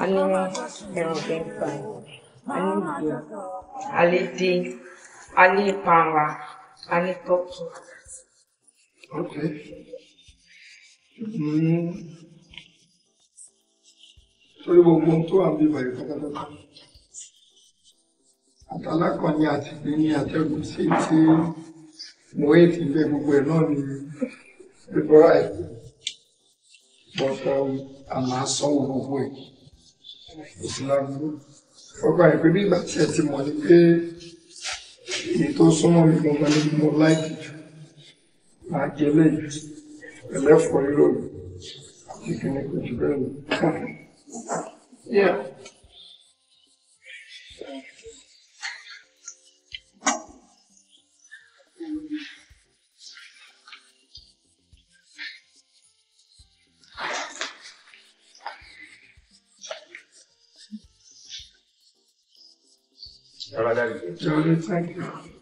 Anime, ẹ̀rọ gẹ̀ǹfà, Anigbo, Alede, Alipara, Alitoki. Okay. Sori gbogbo tó wà bí bàyìí pátápátá. Àtàlákọ̀ni àti ìgbéni àtẹ̀gùn sí ti mo é ti bẹ gbogbo ẹ̀ náà ní bíbọ́ra ẹ̀. Bọ́ta wù a máa sanwó gbogbo ẹ̀ ìsìlámù ọgbà ìpè bí ìgbà tí ẹ ti mọ̀ ni pé èyí tó súnmọ́ mi gbọ̀ngàn ni mo láìkì jù máa jẹ lẹ́yìn ẹlẹ́fọ̀ọ́ ìrọ̀lù àti kìnnìkan jù bẹ́ẹ̀ lọ. Thank you. sacrifice.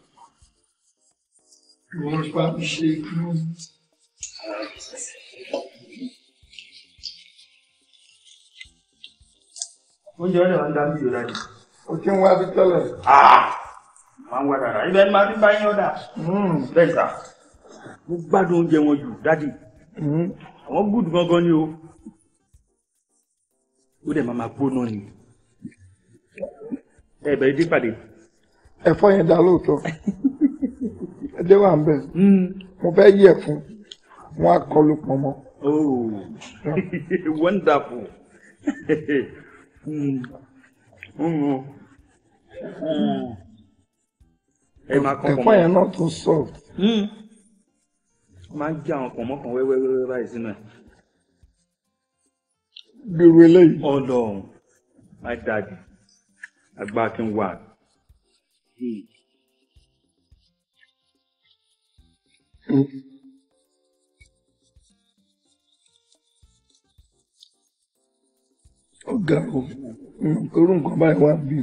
Hoje Papo Chico. Oúnjẹ ọ̀rẹ́ wọn dábí ìrora jù. O ti ń wá bí tẹ́lẹ̀. Ah! Máa ń wá dáadáa. Ibẹ̀ ni máa fi bá yín ọ̀dà. Hmm. Bẹ́ẹ̀ sà. Mo gbádùn oúnjẹ wọn jù dádì. Hmm. Àwọn gúdù gangan ni o. Ó dẹ̀ máa máa gbóná ni. Ẹ bẹ̀rẹ̀ dé pàdé ẹ̀fọ́ yẹn dá lóòótọ́ ẹdẹ wà ń bẹ̀ hmm. mo fẹ́ yí ẹ̀fún wọn á kọlu oh. wonderful. Hmm. Hmm. ẹ̀fọ́ yẹn náà tún soft. máa ń gé àwọn pọ̀nmọ́ kan wẹ́wẹ́wẹ́wẹ́ báyìí sínú ẹ̀. gbèrú eléyìí. ọ̀dọ̀ my daddy agbákin wà ọ̀gá o orú nǹkan báyìí wá bí.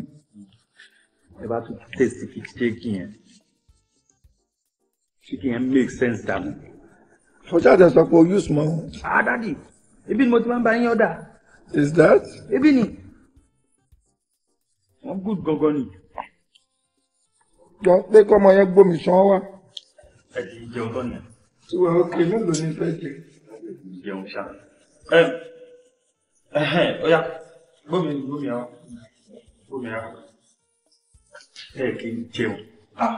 ẹ bá tún tẹ̀sí kí chicken yẹn chicken yẹn make sense dànù. ọjà àti ẹ̀sọ́ pé o use mọ́. ah dadi ebi ni mo ti máa ń ba yín ọ̀dà. is that. ebi ni. wọ́n good gangan ni jọ pé kọ́mọ yẹn gbómi sàn wá. ẹ ti jẹun tó nà. tí wàá ókè mélòó ni fẹ́ jẹ. jẹun ṣá. ẹ ẹ ó yá gbómi gbómi àwọn gbómi àwọn ẹ kì í jẹun. Ah.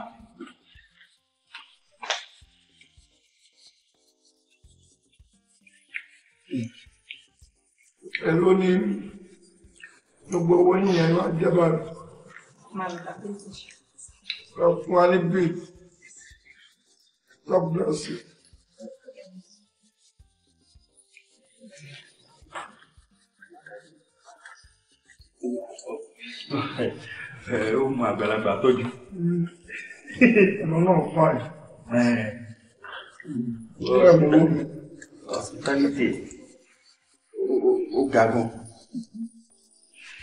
ẹ ló ní gbogbo owó yìnyẹn ló jẹ rẹ lọ fún wa ní bíi God bless you. ẹ ó mú àgbàlagbà tọ́jú. ọmọ náà fà ẹ. ẹ mú un. hospitality ó ga gan.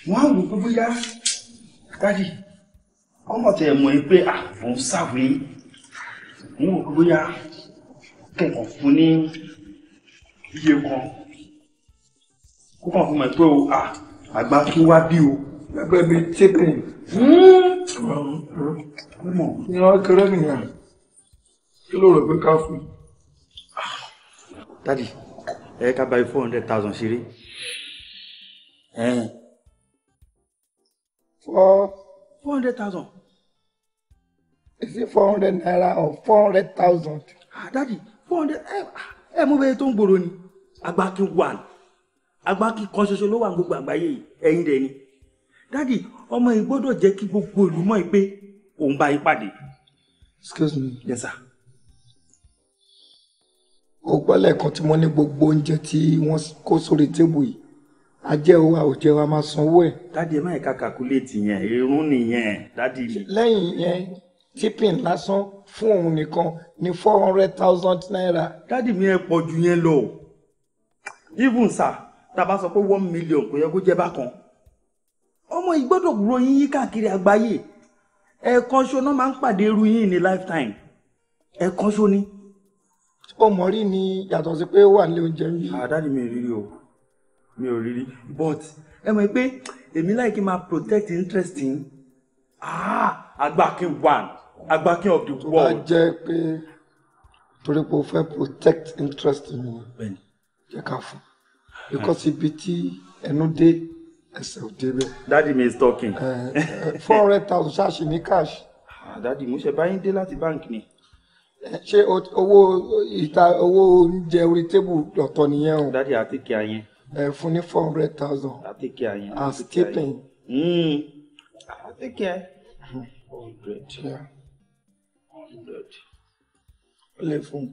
wọ́n á wò ó bóyá dádì ọmọ tẹ mọ̀ ẹ pé ah, àfọ̀n sáwé ń wò bóyá kẹ̀kọ̀ọ́ fún ní iye kan kó kàn fún mi pé o oh, ah, àgbà kí wá bí o. gbẹgbẹ bíi chicken. Hmm. ìran kéré nìyẹn kí ló rò pé ká fún. dadi ẹ ká báyìí four hundred thousand ṣeré. four four hundred thousand. is it four hundred naira or four hundred thousand. ah dadi four hundred Eh, eh, mú bẹ́ẹ̀ tó ń gbòòrò ni agbáki one agbáki kan ṣoṣo ló wà gbogbo àgbáyé yìí ẹ̀yin dẹ̀ ni Daddy, omo yìí gbọ́dọ̀ jẹ́ kí gbogbo ìlú mọ̀ pé òun bá yín pàdé. excuse me. yes sir. ó gbọ́lẹ̀ kan tí wọ́n ní gbogbo oúnjẹ tí wọ́n kó sórí tébù yìí ajẹ́wò wa ò jẹ́ wa máa sanwó ẹ̀. dádì ẹ má yẹ ká kàkúlẹ̀tì yẹn irun nìyẹn dádì mi. lẹ́yìn yẹn tipping lásán fún òun nìkan ní four hundred thousand naira. dádì mi ẹ pọ̀ ju yẹn lọ even sir tá a bá sọ pé one million kò yẹ kó jẹ́ bákan ọmọ yìí gbọ́dọ̀ gbúrò yín yí káàkiri àgbáyé ẹ̀ẹ̀kan ṣo náà máa ń pàdé irú yín ní lifetime ẹ̀ẹ̀kan ṣo ni. ó mọ̀ rí ni yàtọ̀ sí pé ó wà ní oúnjẹ yìí. àdáni ah, mi rírí o mi ò rí but ẹ mọ̀ pé èmi láì kí máa protect interest yín ah agbákin one agbákin of the world. tó bá jẹ́ pé torí pé o fẹ́ protect interest mi jẹ́ ká fún because ibi tí ẹnu dé ẹsẹ̀ ò débẹ̀. dadi mi is talking. four hundred thousand ṣáàṣì ní cash. Ah, dadi mo ṣe báyìí dé láti báǹkì ni ṣé owó ìta owó oúnjẹ orí tébù lọ́tọ̀ nìyẹn o. dádì àti kí a yẹn ẹ fún ní four hundred thousand as keeping. àtìkẹ́ hundred hundred. ó lè fún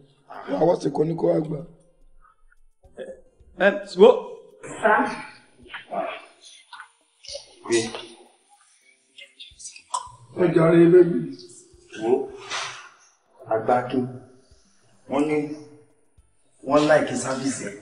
un àwọn sì kọ́ ní kó wá gbà. ẹ wo. ẹ jàre lẹ́bi. wo àgbákin wọ́n ní wọ́n láìkí sábìsì ẹ̀.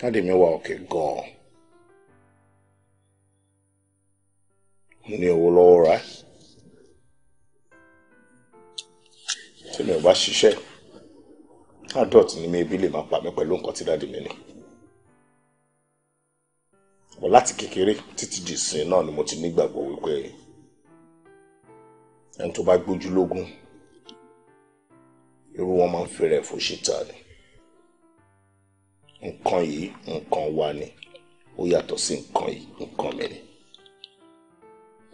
dáàdì mi wà òkè gan-an mo ní owó lọ́wọ́ rà tí mi ò bá ṣiṣẹ́ adult ni mi ebi lè máa pa mí pẹ̀lú nǹkan tí dáàdì mi ní bọ̀ láti kékeré títí di ìsìn náà ni mo ti nígbàgbọ́ wípé nǹkan yìí nǹkan wa ni ó yàtọ̀ sí nǹkan yìí nǹkan mi ni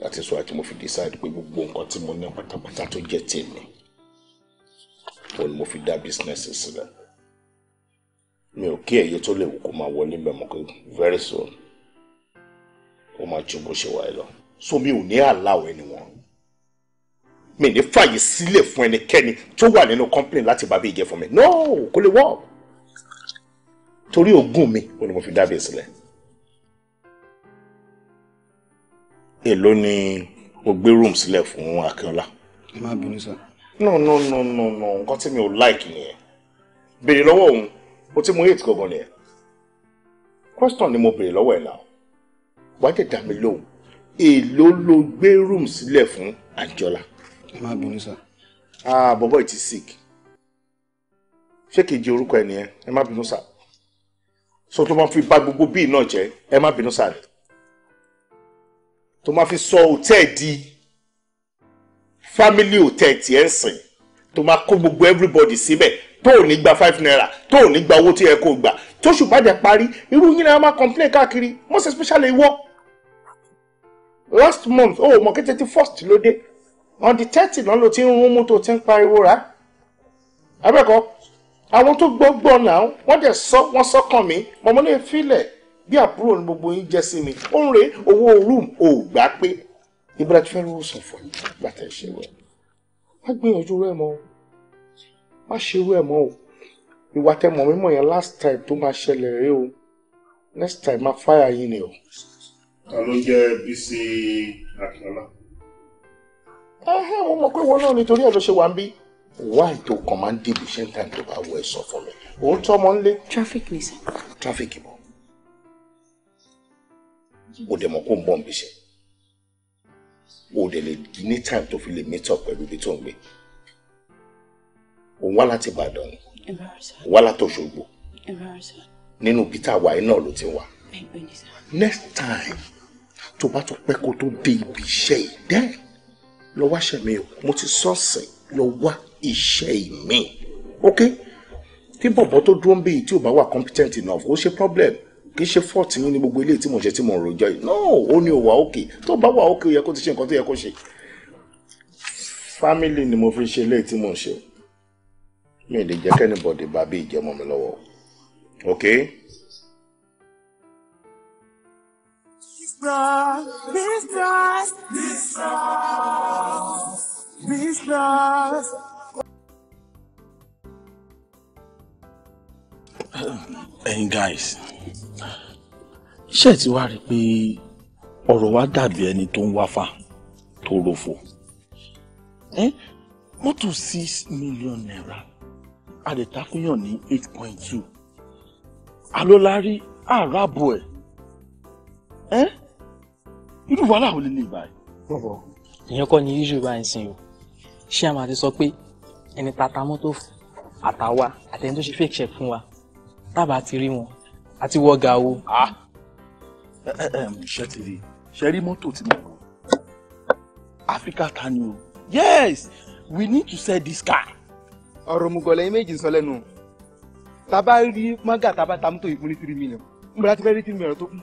láti sọ àti mo fi decide pé gbogbo nǹkan tí mo ní pátápátá tó jẹ́ tèmi òun ni mo fi dá business sílẹ̀ mi ò kí ẹ̀yẹ tó lè wù kó máa wọlé mẹ́mọ́ pé very soon ó máa ju bó ṣe wà ẹ lọ so mi ò ní àláwọ̀ ẹni wọn mi ní fàyè sílẹ̀ fún ẹnikẹ́ni tó wà nínú complain láti bàbá ìjẹ́ fún mi no kò lè work torí ògùn mi ò ní mo fi dábìí sílẹ̀. èló ni o gbé room sílẹ̀ fún Akínọlá. ẹ má bínú sá. no no no no no nǹkan tí mi ò like nìyẹn béèrè lọ́wọ́ òun o tí mo hate gangan nìyẹn question ni mo béèrè lọ́wọ́ ẹ̀ náà wàá dẹ̀ dá mi lóhùn èló ló gbé room sílẹ̀ fún Àjọlá. ẹ má bínú sá. ah bọ́bọ́ ìtì sick ṣé kejì orúkọ ẹ̀ nìyẹn ẹ má bínú sá so tó máa fi bà gbogbo bíi náà jẹ́ ẹ má bínú sáré tó máa fi sọ òtẹ́ẹ̀ di family hotel tiẹ̀ ń sìn tó máa kó gbogbo everybody síbẹ̀ tó ò ní gba five naira tó ò ní gba owó tí ẹ kò gbà tóṣù bá dẹ̀ parí irú yín náà máa complain káàkiri most especially ìwọ last month ó mọ̀ kété tí first ló dé on the thirty náà ló ti ń rún mú tó ti ń pariwo rà abẹ́kọ̀ọ́ àwọn tó gbọ́ gbọ́ náà wọ́n dẹ̀ sọ wọ́n sọ́kàn mi mọ̀mọ́ lè filẹ̀ bí àbúrò ní gbogbo yín jẹ́ sí mi ó ń re owó rúùm ò gbà pé ìbúra ti fẹ́ rówó sàn fún yín gbà tẹ̀ ṣe wẹ̀ má gbìyànjú rẹ̀ mọ́ má ṣe rẹ̀ mọ́ o ìwà tẹ mọ̀ mímọ̀ yẹn last time tó máa ṣẹlẹ̀ rẹ o next time máa fire yín ni o. ta ló jẹ́ Bísí Akínọlá. ẹ ẹ mo mọ̀ pé wọn náà nítorí ẹ̀ ló ṣe wà ń bí why to kàn máa ń débi ṣé time tó bá wọ ẹ sọ fún mi òun tọ́ traffic ni sir. traffic bọ̀ o dẹ̀ mọ̀ kó ń bọ̀ ń bí ṣe o dẹ̀ lè di ní time tó fi lè meet up pẹ̀lú ibi tó ń gbé òun wá láti Ìbàdàn ni wá láti Òṣogbo nínú peter wàyí náà ló ti wà next time tó bá tún pẹ́ kó tó dé ibi iṣẹ́ yìí dẹ́ lọ wá ṣẹ̀mí o iṣẹ́ ìmí ok tí bọ̀bọ̀ tó dúró ń bí tí ò bá wà competent enough ó ṣe problem kì í ṣe fault yín ní gbogbo ilé tí mo ṣe tí mo rojọ́ yìí no ó ní ó wà okay tó bá wà okay ó yẹ kó ti ṣe nǹkan tó yẹ kó ṣe family ni mo fi ṣe ilé tí mo ń ṣe mi ò lè jẹ́ kẹ́nìbọ̀dì bá bí ìjẹ́mọ́ mi lọ́wọ́ ok. Mistrust, mistrust, mistrust, mistrust. ẹ̀yin guys iṣẹ́ ti wá rí i pé ọ̀rọ̀ wa dàbí ẹni tó ń wáfà tó rofo mọ́tò six million naira adẹ̀takúnyàn ní eight point two alólàrí àràbò ẹ̀ irú wàhálà wo lè lè báyìí. bọ̀bọ̀ ìyẹn kọ́ ni yíṣu bá ń sìn o ṣé a máa ti sọ pé ẹni tata mọ́tò fún àtàwa àtẹni tó ṣe fake check fún wa tábà ti rí wọn àti wọ́gà o. ṣé ti rí ṣe rí mọ́tò tí mo wọ̀ Africa tani o yes we need to sell this car. ọ̀rọ̀ mùgọ̀lẹ́ méjì ń sọ lẹ́nu tábà rí mága tábà ta mọ́tò yìí three million n bọ̀dá ti rí three million tó kù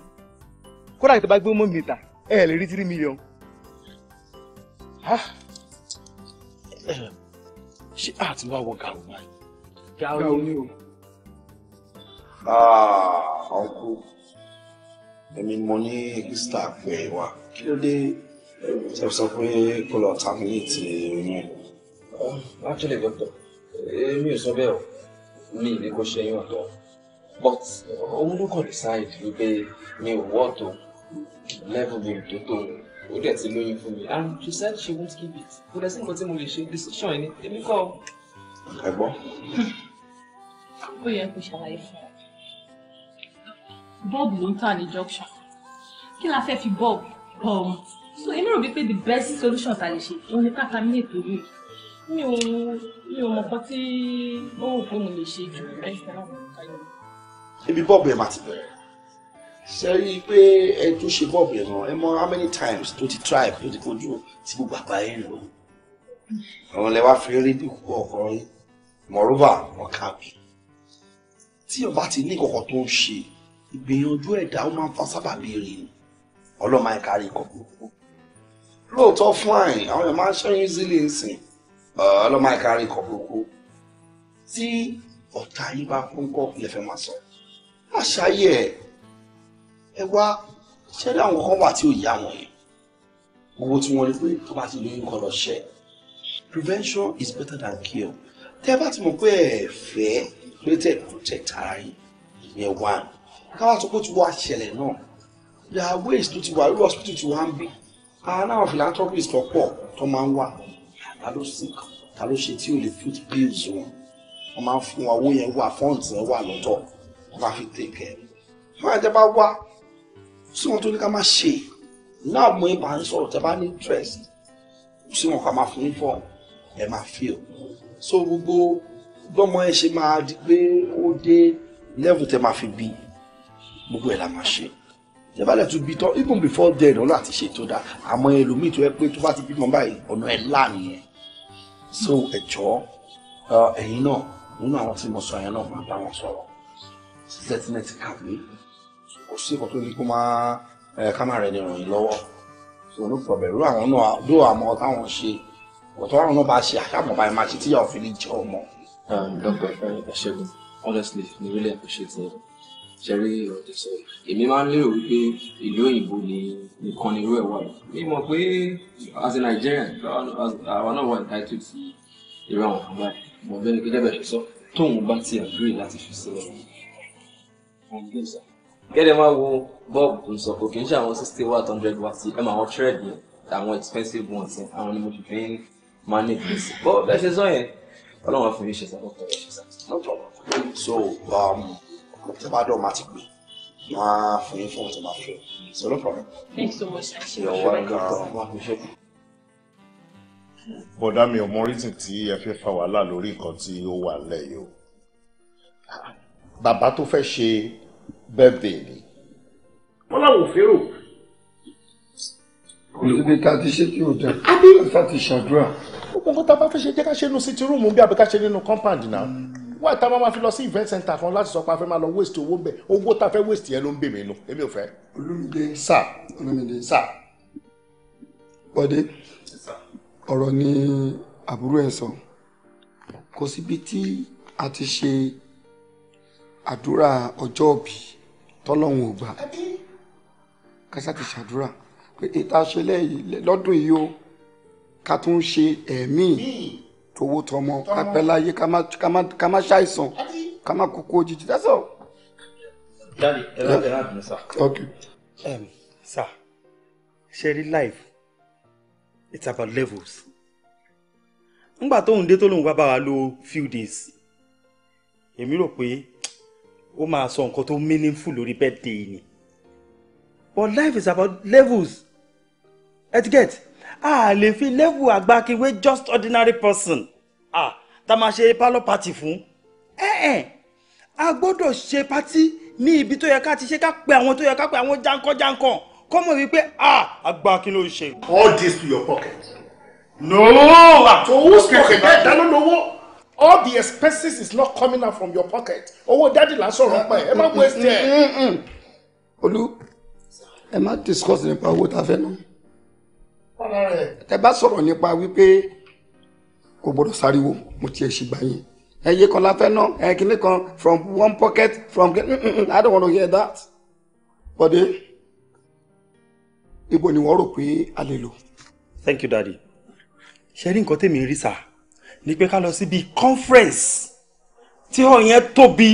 kódà tí a bá gbé mọ́ mi ta ẹ lè rí three million. Ah. Eh, ṣé àtiwá wọ gàù báyìí. gàù ni o. Ah, uncle. èmi mo ní star pé wá kí ló dé ṣe sọ pé kó lọ terminate oyún ẹ̀. actually doctor èmi ò sọ bẹ́ẹ̀ o mi ní kó ṣe yín ọ̀tọ̀ but òun ló kàn decide wípé mi ò wọ́ tó level mi tó tó ó dẹ̀ ti lóyún fún mi and she said she won't keep it kò dẹ̀ sí nǹkan tí mo lè ṣe decision ẹni èmi kọ́. ẹ̀gbọ́n. ó yẹ kó ṣàlàyé fún ọ bọ́ọ̀bù ló ń tà ní junction kí la fẹ́ fi bọ́ọ̀bù bọ̀ um, ọ́n so èmi rò wípé the best solution ta lè ṣe òun ni káka mi ètò yìí mi ò mi ò mọ̀ kan tí ó wù pé mo lè ṣe jù ibi bọ́ọ̀bù ẹ̀ máa ti bẹ̀rẹ̀ ṣe rí i pé ẹ tó ṣe bọ́ọ̀bù ẹ̀ náà ẹ mọ how many times tó ti try tó ti kojú tí gbogbo àgbáyé lò àwọn lẹ wá fi rí bí kú ọkọ yín mọ̀rúbà wọn tí ọba ti ní kọ̀kọ̀ tó ń ṣe ìgbìyànjú ẹ̀dá ó máa ń fa sábàbí rè ni ọlọ́mọ ẹ̀ka rí ikọ̀ gbogbo lóòótọ́ fún àyìn àwọn èèyàn máa ń ṣẹ́yìn sílé ńsìn ọlọ́mọ ẹ̀ka rí ikọ̀ gbogbo tí ọ̀tá yín bá kún kọ́ lẹ́fẹ̀ẹ́ máa sọ àṣàyè ẹ̀ ẹ wá ṣẹ́dá àwọn kan wà tí ò yá wọn yẹn owó tí wọ́n rí pé tó bá ti lóyún kọ́ lọ ṣẹ́ prevention is better than cure tẹ́ bá ti mọ̀ pé ẹ fẹ́ pé tẹ̀ protect ara yín ìyẹn one káwá sọ pé ó ti wá ṣẹlẹ̀ náà there are ways tó ti wà lórí hospital tí wọ́n á ń bí àwọn àwọn philanthropist tó pọ̀ tó máa ń wà ta ló sick ta ló ṣe tí ò lè foot bills wọn wọ́n máa ń fún wọn owó yẹn wà funds yẹn wà lọ́tọ̀ wọ́n bá fi take care fún àjẹbá wá sí wọn tó ní ká má ṣe náà mo ìbá ń sọ̀rọ̀ tẹ́ bá ní interest sí wọn ká máa fún ní form ẹ máa feel so gbogbo gbọ́mọ ẹ ṣe máa di pé ó dé level tẹ́ máa fi bíi gbogbo ẹ̀ la máa ṣe ìjẹ́bàlẹ̀ tún bí tán even before then ọ̀nà àti ṣe tó dáa àmọ́ ẹlòmíì tó yẹ pé tó bá ti bímọ báyìí ọ̀nà ẹ̀ là nìyẹn so ẹ̀jọ́ ẹ̀yin náà nínú àwọn tí mo sọ yẹn náà máa bá wọn sọ̀rọ̀ sẹ́tínẹ́tì kàwé kò sí ìkọ́ tó ní kó máa kámẹ́rà ẹni ràn yín lọ́wọ́ so no problem irú àwọn náà ló àmọ́ táwọn ṣe ọ̀tọ̀ àwọn náà bá ṣe àṣàmọ̀ báyìí máa ṣe tíyà òfin ní jẹ́ ọmọ. Um, Dr. Ṣẹ́gun honestly we really appreciate it ṣẹ̀rí ọ̀dẹ̀ sọ èmi máa ń lérò wípé ìlú òyìnbó ni nìkan ni irú ẹ̀ wà mí mọ̀ pé as a Nigerian àwa náà wà entitled sí irú àwọn kan mọ̀ bẹ́ẹ̀ ni gẹ́gẹ́ bẹ̀ sọ tóun bá ti agree láti fi sílẹ̀ gẹ́gẹ́ máa wo bob tó kò kì í ṣe àwọn sixty watt hundred watt ẹ̀ máa wọ́n thread àwọn expensive ones yẹn àwọn ni mo fi fi ń manage this bọ́ bẹ́ẹ̀ ṣe sọ yẹn ọlọ́run fún yín ṣe sá no problem so. Um, tó bá dọ̀ máa ti pè máa fún yín fún ọ̀tọ̀ máa fẹ́ so no problem. thanks so much. you're welcome. bọ̀dá mi ò mọ reason tí ẹ fẹ́ fa wàhálà lórí nǹkan tí ó wà lẹ́yìn o bàbá tó fẹ́ ṣe birthday ni wọ́n láwọn ò fẹ́rò olùdíje ká ti ṣe tí o jẹ ká ti ṣàdúrà. gbogbo nǹkan tá a bá fẹ́ ṣe jẹ́ ká ṣe nínú sítírùmù bí àbí ṣe nínú compound náà wá ìta máa fi lọ sí event center kan láti sọ pé a fẹ́ máa lọ waste owó bẹ̀ owó tá a fẹ́ waste yẹn ló ń bè mí nu èmi ò fẹ́. olùmìdé sà olùmìdé sà bọ́dé ọ̀rọ̀ ni àbúrò ẹ̀ sọ kò síbi tí a ti ṣe àdúrà ọjọ́ òbí tọ́lọ́hún ò gbà kásá ti ṣàdúrà pé ìta ṣe lọ́dún yìí o ká tún ṣe ẹ̀mí towó tọmọ kápẹ́ láyé ká má ṣàìsàn ká má kúkú òjijì that's all. dáàdi ẹ bá bẹ̀rẹ̀ àdùnnú sá. sá ṣẹ́rí life it's about levels ngbà tóun dé tó lóun wá bá wa lò few days èmi rò pé ó máa sọ nǹkan tó meaningful lórí birthday ni but life is about levels etiquette a lè fi level àgbákiwé just ordinary person ah tá a máa ṣe pálọ̀ party fún ẹ ẹ a gbọ́dọ̀ ṣe party ní ibi tó yẹ ká ti ṣe ká pe àwọn tó yẹ ká pe àwọn jankan-jankan kọ́ wípé ah àgbà kí ló ń ṣe. all this to your pocket. no To all whose pocket bẹ́ẹ̀ dáná lówó all the expenses is not coming out from your pocket owó dádì lásán rọpẹ ẹ má waste ẹ. Mm, mm, mm, olú ẹ má discuss nípa owó tá a fẹ́ náà tẹ bá sọ̀rọ̀ nípa wípé kò gbọ́dọ̀ sáriwo mo tiẹ̀ ṣì gbà yín ẹyẹ kan la fẹ́ ẹ kíní kan from one pocket from mm, mm, mm, I don't want hear that bọ́dé ibo ni wọ́n rò pé a lè lò. thank you daddy ṣe rí nǹkan tèmi rí sá ni pé ká lọ síbi conference tí ọ̀ yẹn tóbi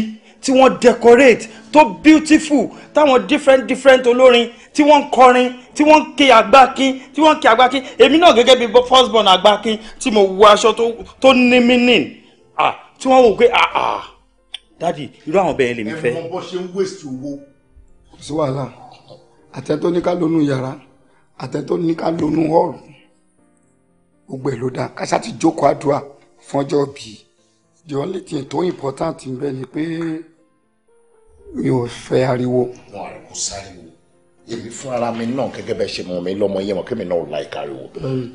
tí wọ́n decorate tó beautiful táwọn different different olórin tí wọ́n ń kọrin tí wọ́n ń ké agbákin tí wọ́n ń ké agbákin èmi náà gẹ́gẹ́ bí first born agbákin tí mo wọ aṣọ tó ní meaning ah tí wọ́n wò pé ah ah dadi irú àwọn bẹ́ẹ̀ lèmi fẹ́. ẹ̀rọ bọ́ ṣe ń waste owó. kò sí wàhálà àtẹ̀tọ́ ní ká lónú yàrá àtẹ̀tọ́ ní ká lónú hall gbogbo ẹ̀ ló dáa kásá ti jókòó àdúrà fọ́njọ́ bíi the only thing tó important ń bẹ ni pé. Pe mi ò fẹ́ ariwo. wọn ariwo sáriwo èmi fún ara mi náà gẹ́gẹ́ bẹ́ẹ̀ ṣe mọ̀ mi lọ́mọ yẹn mọ̀ kí mi náà ò láì káriwo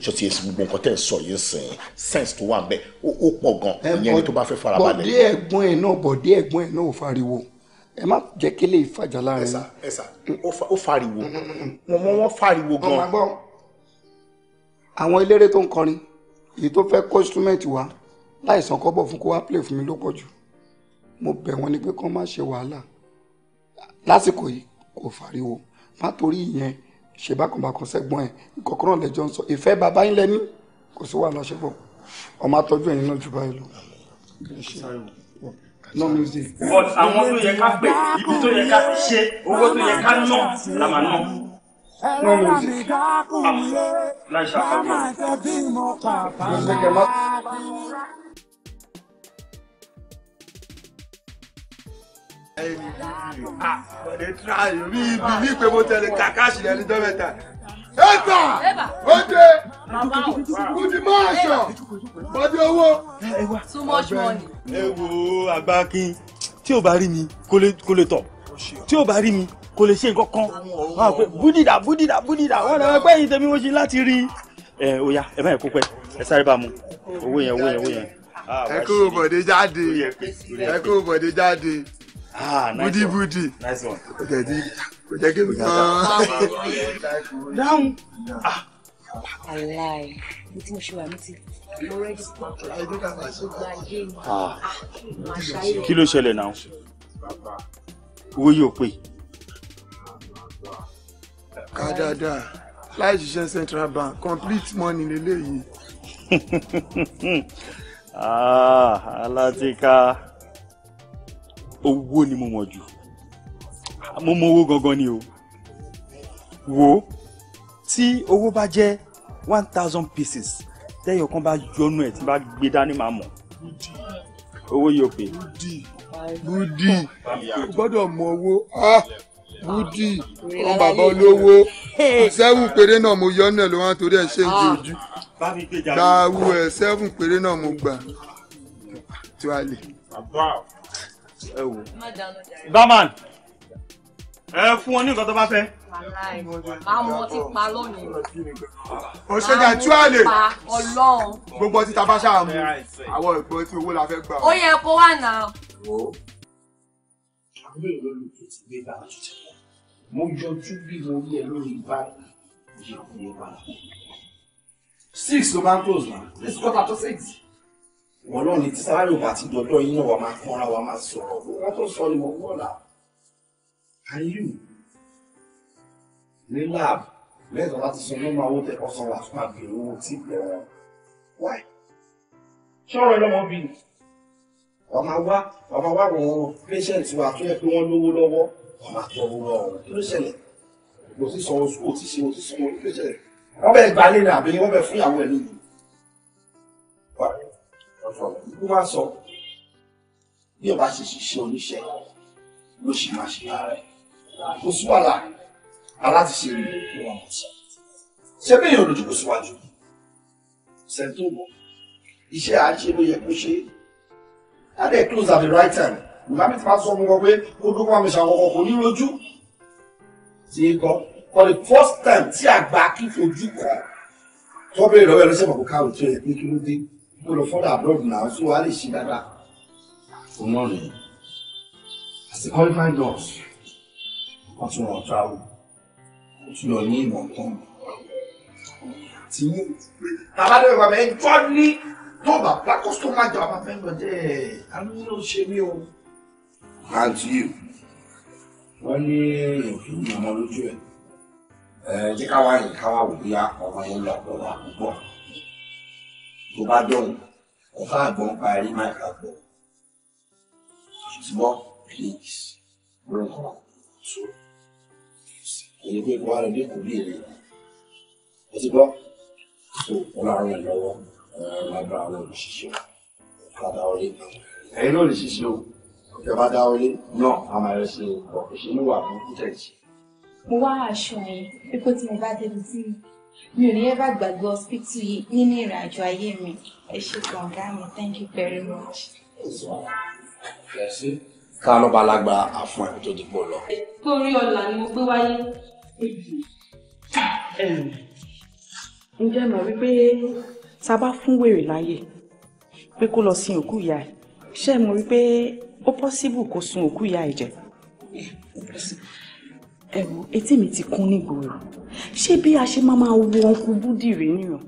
ṣó mm. ti èsì gbogbo nǹkan tẹ̀ ń sọ yìí ń sìn sense tó wà ń bẹ ó pọ̀ gan ìyẹn ni tó bá fẹ́ farabalẹ̀. bọ̀dé ẹ̀gbọ́n ẹ̀ náà bọ̀dé ẹ̀gbọ́n ẹ̀ náà ò fariwo ẹ má jẹ́ kí lè fàjà láàrin. ẹ̀sà ẹ̀sà ó fariwo wọn mọ wọn fariwo gan. ọmọ àgbọ̀ àwọn eléré tó ń kọrin èyí tó fẹ́ kó instrument wa láìsàn kọ́bọ̀ fún kó wá play fún mi ló pọ̀ jù mo bẹ̀ wọ́n ní pé kó má ṣe wàhálà lásìkò yìí kò fariwo má torí ìyẹn ṣe bákanbákan sẹ́gbọ́n ẹ̀ ìkọ̀kọ́rọ̀ lẹ́jọ́ ń sọ ìfẹ́ bàbá yín lẹ́ni kò sí wàhálà ṣe pọ̀ ọmọ àtọ́jú ẹ̀yin náà jù báyìí lọ. no music. but àwọn tó yẹ ká pè ibi tó yẹ ká ṣe owó tó yẹ ká ná la máa ná. no music. láì ṣàkóso. Ah, Bọ̀dé tíráyì mi ìbílí pé mo tẹ̀lé kàkáṣì lẹ́nu jọ́ mẹ́ta. Ẹ̀bà! Bọ́dé! Kùdì máa ṣọ! Bọ́dé owó! Too much money. Ẹ wo àgbà kin tí ò bá rí mi kó lè tọ̀ tí ò bá rí mi kò lè ṣe nǹkan kan búdìdà búdìdà búdìdà wọn lọ pẹ́ yìí tẹ̀mí mo ṣe láti rí ẹ oya ẹ má yẹ kó pẹ́ ẹ sáré bá mu owó yẹn owó yẹn owó yẹn. Ah, ẹ kú Bọ̀dé jáde ẹ kú Bọ̀dé jáde. Ah, nice booty, one. booty. Nice one. Daddy, could I give me that? Down. Ah. I mo ti mo ṣe wà ní already mo rẹ́dí pàtó gbogbo ayé mi. Kí ló ṣẹlẹ̀ náà? Owó yóò pè. Ká dáadáa, láì ṣiṣẹ́ Central Bank, complete money lélẹ́yìí. Ah, alátíká owó ni mo mọ̀ jù mo mọ owó gangan ni o wo tí owó bá jẹ́ one thousand pieces tẹ́yọ̀ kan bá yọnu ẹ̀ tí bá gbé dání máa mọ̀ owó yóò pè. budi gbọ́dọ̀ mọ owó budi ah, ọmọ bàbá olówó sẹ́wù péré náà mo yọnu ẹ̀ ló wá torí ẹ̀ ṣe ń di ah. ojú dáwù ẹ̀ sẹ́wù péré náà mo gbà tí wàá lè ẹ wò. barman ẹ fún wọn ní nǹkan tó bá fẹ́. máa mọ ti pa lónìí. òṣèjà tú àlè. ọlọ́run. gbogbo títa bá ṣáà mú àwọn ìgbọ́ tí owó la fẹ́ gbà. ó yẹ kó wà náà. mo yọjú bí mo rí ẹ lórí báyìí six ló bá ń close na this quarter to six wọn náà ní tí sáré òbá ti dọdọ yín náà wà máa kọra wà máa sọ̀rọ̀ wọn tó sọ ni mo wọ là. ní lab lẹ́sọ̀ láti sọ nọ́mbà owó tẹ ọ̀sán wà fún àgbèrè owó tí ì bẹ̀rẹ̀ wọn. why. sọ̀rọ̀ lọ́mọ bíi wọ́n máa wá wọ́n máa wá àwọn patient wa tó yẹ pé wọ́n lówó lọ́wọ́ wọ́n máa tọ́ owó ọ̀hún kí ló ṣẹlẹ̀ kò sí sọ oṣù kò sí ṣe oṣù sọ oṣù kò ṣẹlẹ̀ wọ́n bẹ̀ gbalẹ̀ ní àbí wọ́n bẹ̀ fún ìyàwó ẹ̀ níbi ọ̀fọ̀ kúkú máa sọ bí o ṣe ṣiṣẹ́ oníṣẹ́ ló ṣì máa ṣe ara ẹ̀ kò sí wàhálà aláti ṣe rí ìlú wọn sí ṣé bí èèyàn lójú kò síwájú ṣètò mọ̀ iṣẹ́ àṣẹ ló yẹ kó ṣe á dẹ̀ close at the right time ìgbà mi sọ fún wọn pé kó dókòwò àmì ṣàwọn ọkọ̀ ní lójú ti ń kọ́ for the first time tí àgbà kí fojú kọ́ tó bẹ̀rẹ̀ lọ́wọ́ ẹ̀ lọ́sẹ̀ tó yẹ kí ló dé mo lọ fọ́dà abroad náà so a lè ṣe dáadáa. òun náà nìyẹn as a qualified nurse wọ́n tún wọ́n travel wọ́n tún lọ ní ìmọ̀ nǹkan tí bàbá lóye bàbá ẹ jọ ní tó bàbá kọ́sítọ́mà jọ bàbá fẹ́ lọ jẹ́ ẹ̀ àmì ló ń ṣe mí o. àǹtí yìí wọ́n ní òfin ìmọ̀ lójú ẹ̀ ẹ̀ jẹ́ káwá yìí káwá wò bóyá ọmọ yẹn lọ pẹ̀lú àkókò tó bá dọ̀hùn ọ̀fà àgbọ̀n parí máa kà bọ̀ ṣùgbọ́n please run on to èyí pé kó wá lọ bí kò bí èrè ẹ ti gbọ́ tó ọlọ́run ẹ̀ lọ́wọ́ ọ̀rọ̀ agbára àwọn olùṣiṣẹ́ padà wọlé ẹ̀yin náà olùṣiṣẹ́ o ìjọba dáwọlé náà a máa yọ sí ọ̀pọ̀ ìṣèlú wà fún títẹ̀ sí. mo wá aṣọ yẹn pé kó tí mo bá débi tí mi ò ní ẹ bá gbàgbé hospital yìí nínú ìrìn àjò ayé mi ẹ ṣe kànga mi thank you very much. ká ló bá lágbára àfún ẹ tó dìbò lọ. torí ọ̀la ni mo gbé wáyé. ǹjẹ́ mọ̀ wípé tá a bá fún wèrè láàyè pé kó lọ sin òkú ìyá ẹ̀ ṣé mọ̀ wípé ó pọ́síbù kó sun òkú ìyá ẹ̀ jẹ ẹ̀wọ̀n etí mi ti kún nígboro ṣé bí a ṣe máa máa wo ọkùn búdìrì nìyàn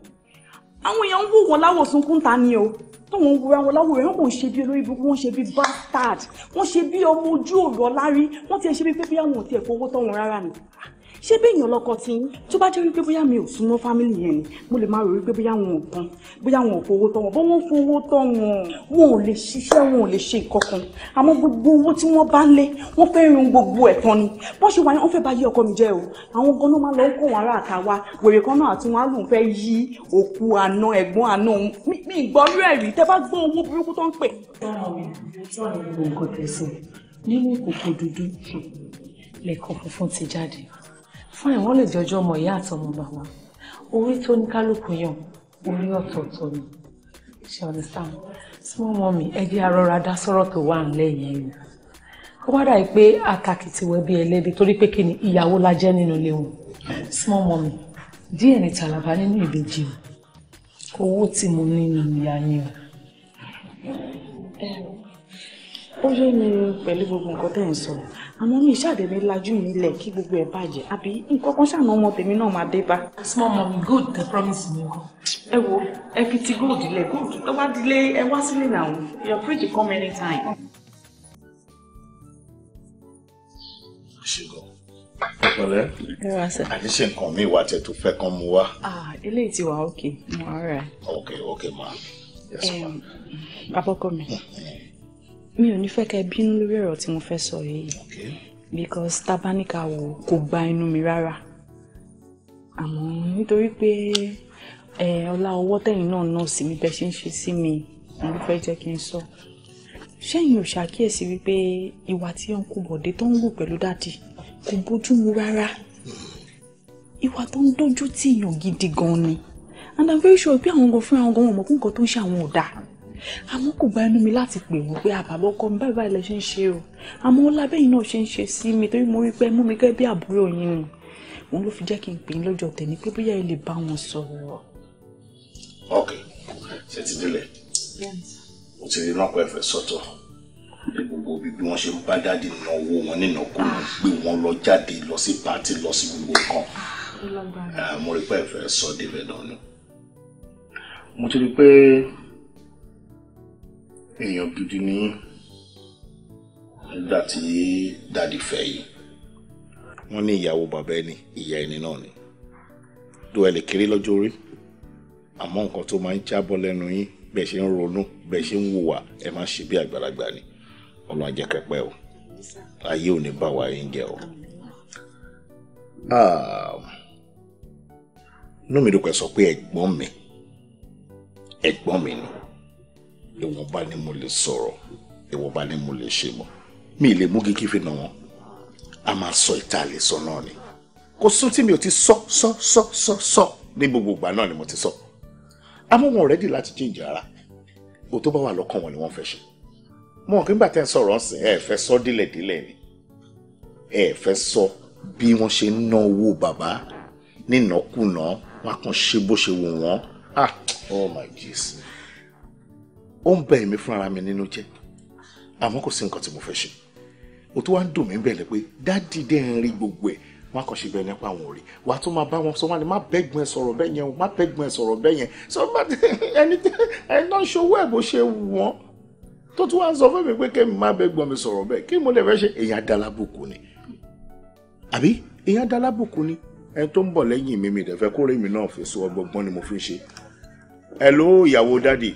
àwọn èèyàn ń wò wọn láwòsàn kúńta ni o táwọn ń wura wọn láwòrán wọn kò ń ṣe bí olórí ibùkún wọn ṣe bí bastard wọn ṣe bí ọmọ ojú ọ̀rọ̀ lárí wọn ti ṣe bí pé bí àwọn ò tiẹ̀ fowó tọ̀hún rárá ni ṣé béèyàn lọkọ tí tó bá jẹ́ wípé bóyá mi ò súnmọ́ fámìlì yẹn ni mo lè máa rò wípé bóyá wọn ò tán bóyá wọn ò fowó tán wọn bó wọn fowó tán wọn wọn ò lè ṣiṣẹ́ wọn ò lè ṣe ìkọ̀kan àmọ́ gbogbo owó tí wọ́n bá lé wọ́n fẹ́ run gbogbo ẹ̀ tán ni bó ṣe wà ní wọ́n fẹ́ bá yí ọkọ mi jẹ́ o àwọn gan ló máa lọ kó wọn ara àta wa wèrè kan náà àti wọn á lóun fẹ́ yí òkú àna ẹ̀gbọ́n àna mi ìgbọ́rú ẹ̀rí tẹ bá gbọ́ owó burúkú tó ń pè. nínú ìkòkò dúdú lẹ́kọ̀ọ́ funfun ti jáde fún ìwọ́n lè jọjọ́ ọmọ ìyá àtọmọ bàbá orí tó ní kálukú yàn orí ọ̀tọ̀ọ̀tọ̀ ni ṣe understand small mommy ẹ jẹ́ arọ́ra dá sọ́rọ̀ tó wà ńlẹ̀ yẹn ni ó wá dà pé àtàkì ti wẹ̀ bí ẹlẹ́bi torí pé kí ni ìyàwó la jẹ́ nínú ilé wọn small mommy díẹ̀ ní tàlàbà nínú ìbejì o owó tí mo ní ni ìyá yín o. ó yé mi pẹ̀lú gbogbo nǹkan tẹ̀ ń sọ̀rọ̀ àmọ́ mi ìṣàdé mi lajú mi lẹ̀ kí gbogbo ẹ̀ bàjẹ́ àbí nǹkan kan ṣàna ọmọ tèmi náà máa dé bá. small mommy gold dey promise me. o. ẹ wo ẹ fi ti gold lẹ gold tó bá dilé ẹ wá sílé náà your free to come anytime. ṣùgbọ́n pẹ̀lẹ́ àṣìṣe nǹkan mi wà tẹ̀ tó fẹ́ kan mu wá. eléyìí ti wà ókè mo ara ẹ. ok ok ma. Yes, um, ma. abọ́kọ mi. Hmm, hmm mi ò ní fẹ́ kẹ́ bínú lórí ọ̀rọ̀ tí mo fẹ́ sọ yìí because tabanika wo kò gba inú mi rárá àmọ́ nítorí pé ọlá ọwọ́ tẹ̀yìn náà náà sí mi bẹ́ẹ̀ ṣe ń ṣe sí mi mo ló fẹ́ jẹ́ kí n sọ ṣẹ́yìn ò ṣàkíyèsí wípé ìwà tí ó ń kú bọ̀dé tó ń wù pẹ̀lú dáàdì kò bójú mu rárá ìwà tó ń dojú tì yàn gidi gan ni and i'm very sure pé àwọn gan fúnra wọn gan wọn mọ̀ pé nǹkan tó ń ṣe àwọn ò àmọ́ kò gba inú mi láti pè wọ́n pé àbàbọ̀ ọkọ mi báyìí báyìí lẹ ṣe ń ṣe o àmọ́ lábẹ́ yìí náà ṣe ń ṣe sí mi torí mo rí pé mú mi gẹ́gẹ́ bí àbúrò yín ni òun ló fi jẹ́ kí n pè yín lọ́jọ́ tẹ̀lé pé bóyá ẹ lè bá wọn sọ̀rọ̀. ok ṣe ti délẹ̀ o ti rí lọ́pọ̀ ẹ̀fẹ̀ sọ́tọ̀ ní gbogbo bí wọ́n ṣe ń bá dáàdì náwó wọn nínàkúnà gbé wọn lọ jáde lọ sí pàtì lọ sí gbogbo kan mo rí pé ẹ̀fẹ̀ sọ́ débẹ̀ náà ni mo ti rí pé èèyàn gidi ní nígbà tí dáàdi fẹ́ yìí wọ́n ní ìyàwó bàbá ẹni ìyá ẹni náà ni do ẹ lè kéré lọ́jọ́ orí àmọ́ nǹkan tó máa ń jábọ́ lẹ́nu yín bẹ́ẹ̀ ṣe ń ronú bẹ́ẹ̀ ṣe ń hùwà ẹ máa ń ṣe bí àgbàlagbà ni ọlọ́run á o ayé ò ní bá wa yín jẹ o. Ah. inú mi dùn pẹ́ sọ pé ẹ̀gbọ́n mi ẹ̀gbọ́n mi ni ìwọ̀nba ni mo lè sọ̀rọ̀ ìwọ̀nba ni mo lè ṣe mọ́ mi ì lè mú kíkí fi nà wọ́n a máa sọ ìta àlè sọ náà ni kò sún tí mi ò ti sọ sọ sọ sọ sọ ní gbogbo ìgbà náà ni mo ti sọ àmọ́ wọn rẹ́dì láti jíǹjì ara o tó bá wà lọ́kàn wọn ni wọ́n fẹ́ ṣe mo hàn kí nígbà tẹ́ ń sọ̀rọ̀ ọ̀sìn ẹ fẹ́ sọ dílẹ̀dílẹ̀ ni ẹ fẹ́ sọ bí wọ́n ṣe ń ná owó bàbá nínàkúnà wọn kàn ṣe bó ṣe wù wọ́n ah oh my Jesus ó ń bẹ èmi fúnra mi nínú jẹ́ àmọ́ kò sí nǹkan tí mo fẹ́ ṣe o tó wá ń dùn mí bẹ̀lẹ̀ pé dáàdì dẹ́ ń rí gbogbo ẹ̀ wọn kàn ṣe bẹ́ẹ̀ nípa àwọn òrì wàá tún máa bá wọn sọ wọn ni má bẹ́gbọ́n ẹ sọ̀rọ̀ bẹ́ẹ̀ yẹn o má bẹ́gbọ́n ẹ sọ̀rọ̀ bẹ́ẹ̀ yẹn So, ma ẹni ẹni náà ṣòwò ẹ̀ bó ṣe wù wọ́n tó tún wá ń sọ fún mi pé kémi má bẹ́gbọ́n mi sọ̀rọ̀ bẹ́ẹ̀ kí mo lè fẹ́ ṣe èèyàn adalábùkù ni àbí èèyàn adalábùkù ni ẹni tó ń bọ̀ lẹ́yìn mi mi dẹ̀ fẹ́ kórè mi náà fèsò ọgbọgbọ́n ni mo fi ṣe ẹ ló ìyàwó dádì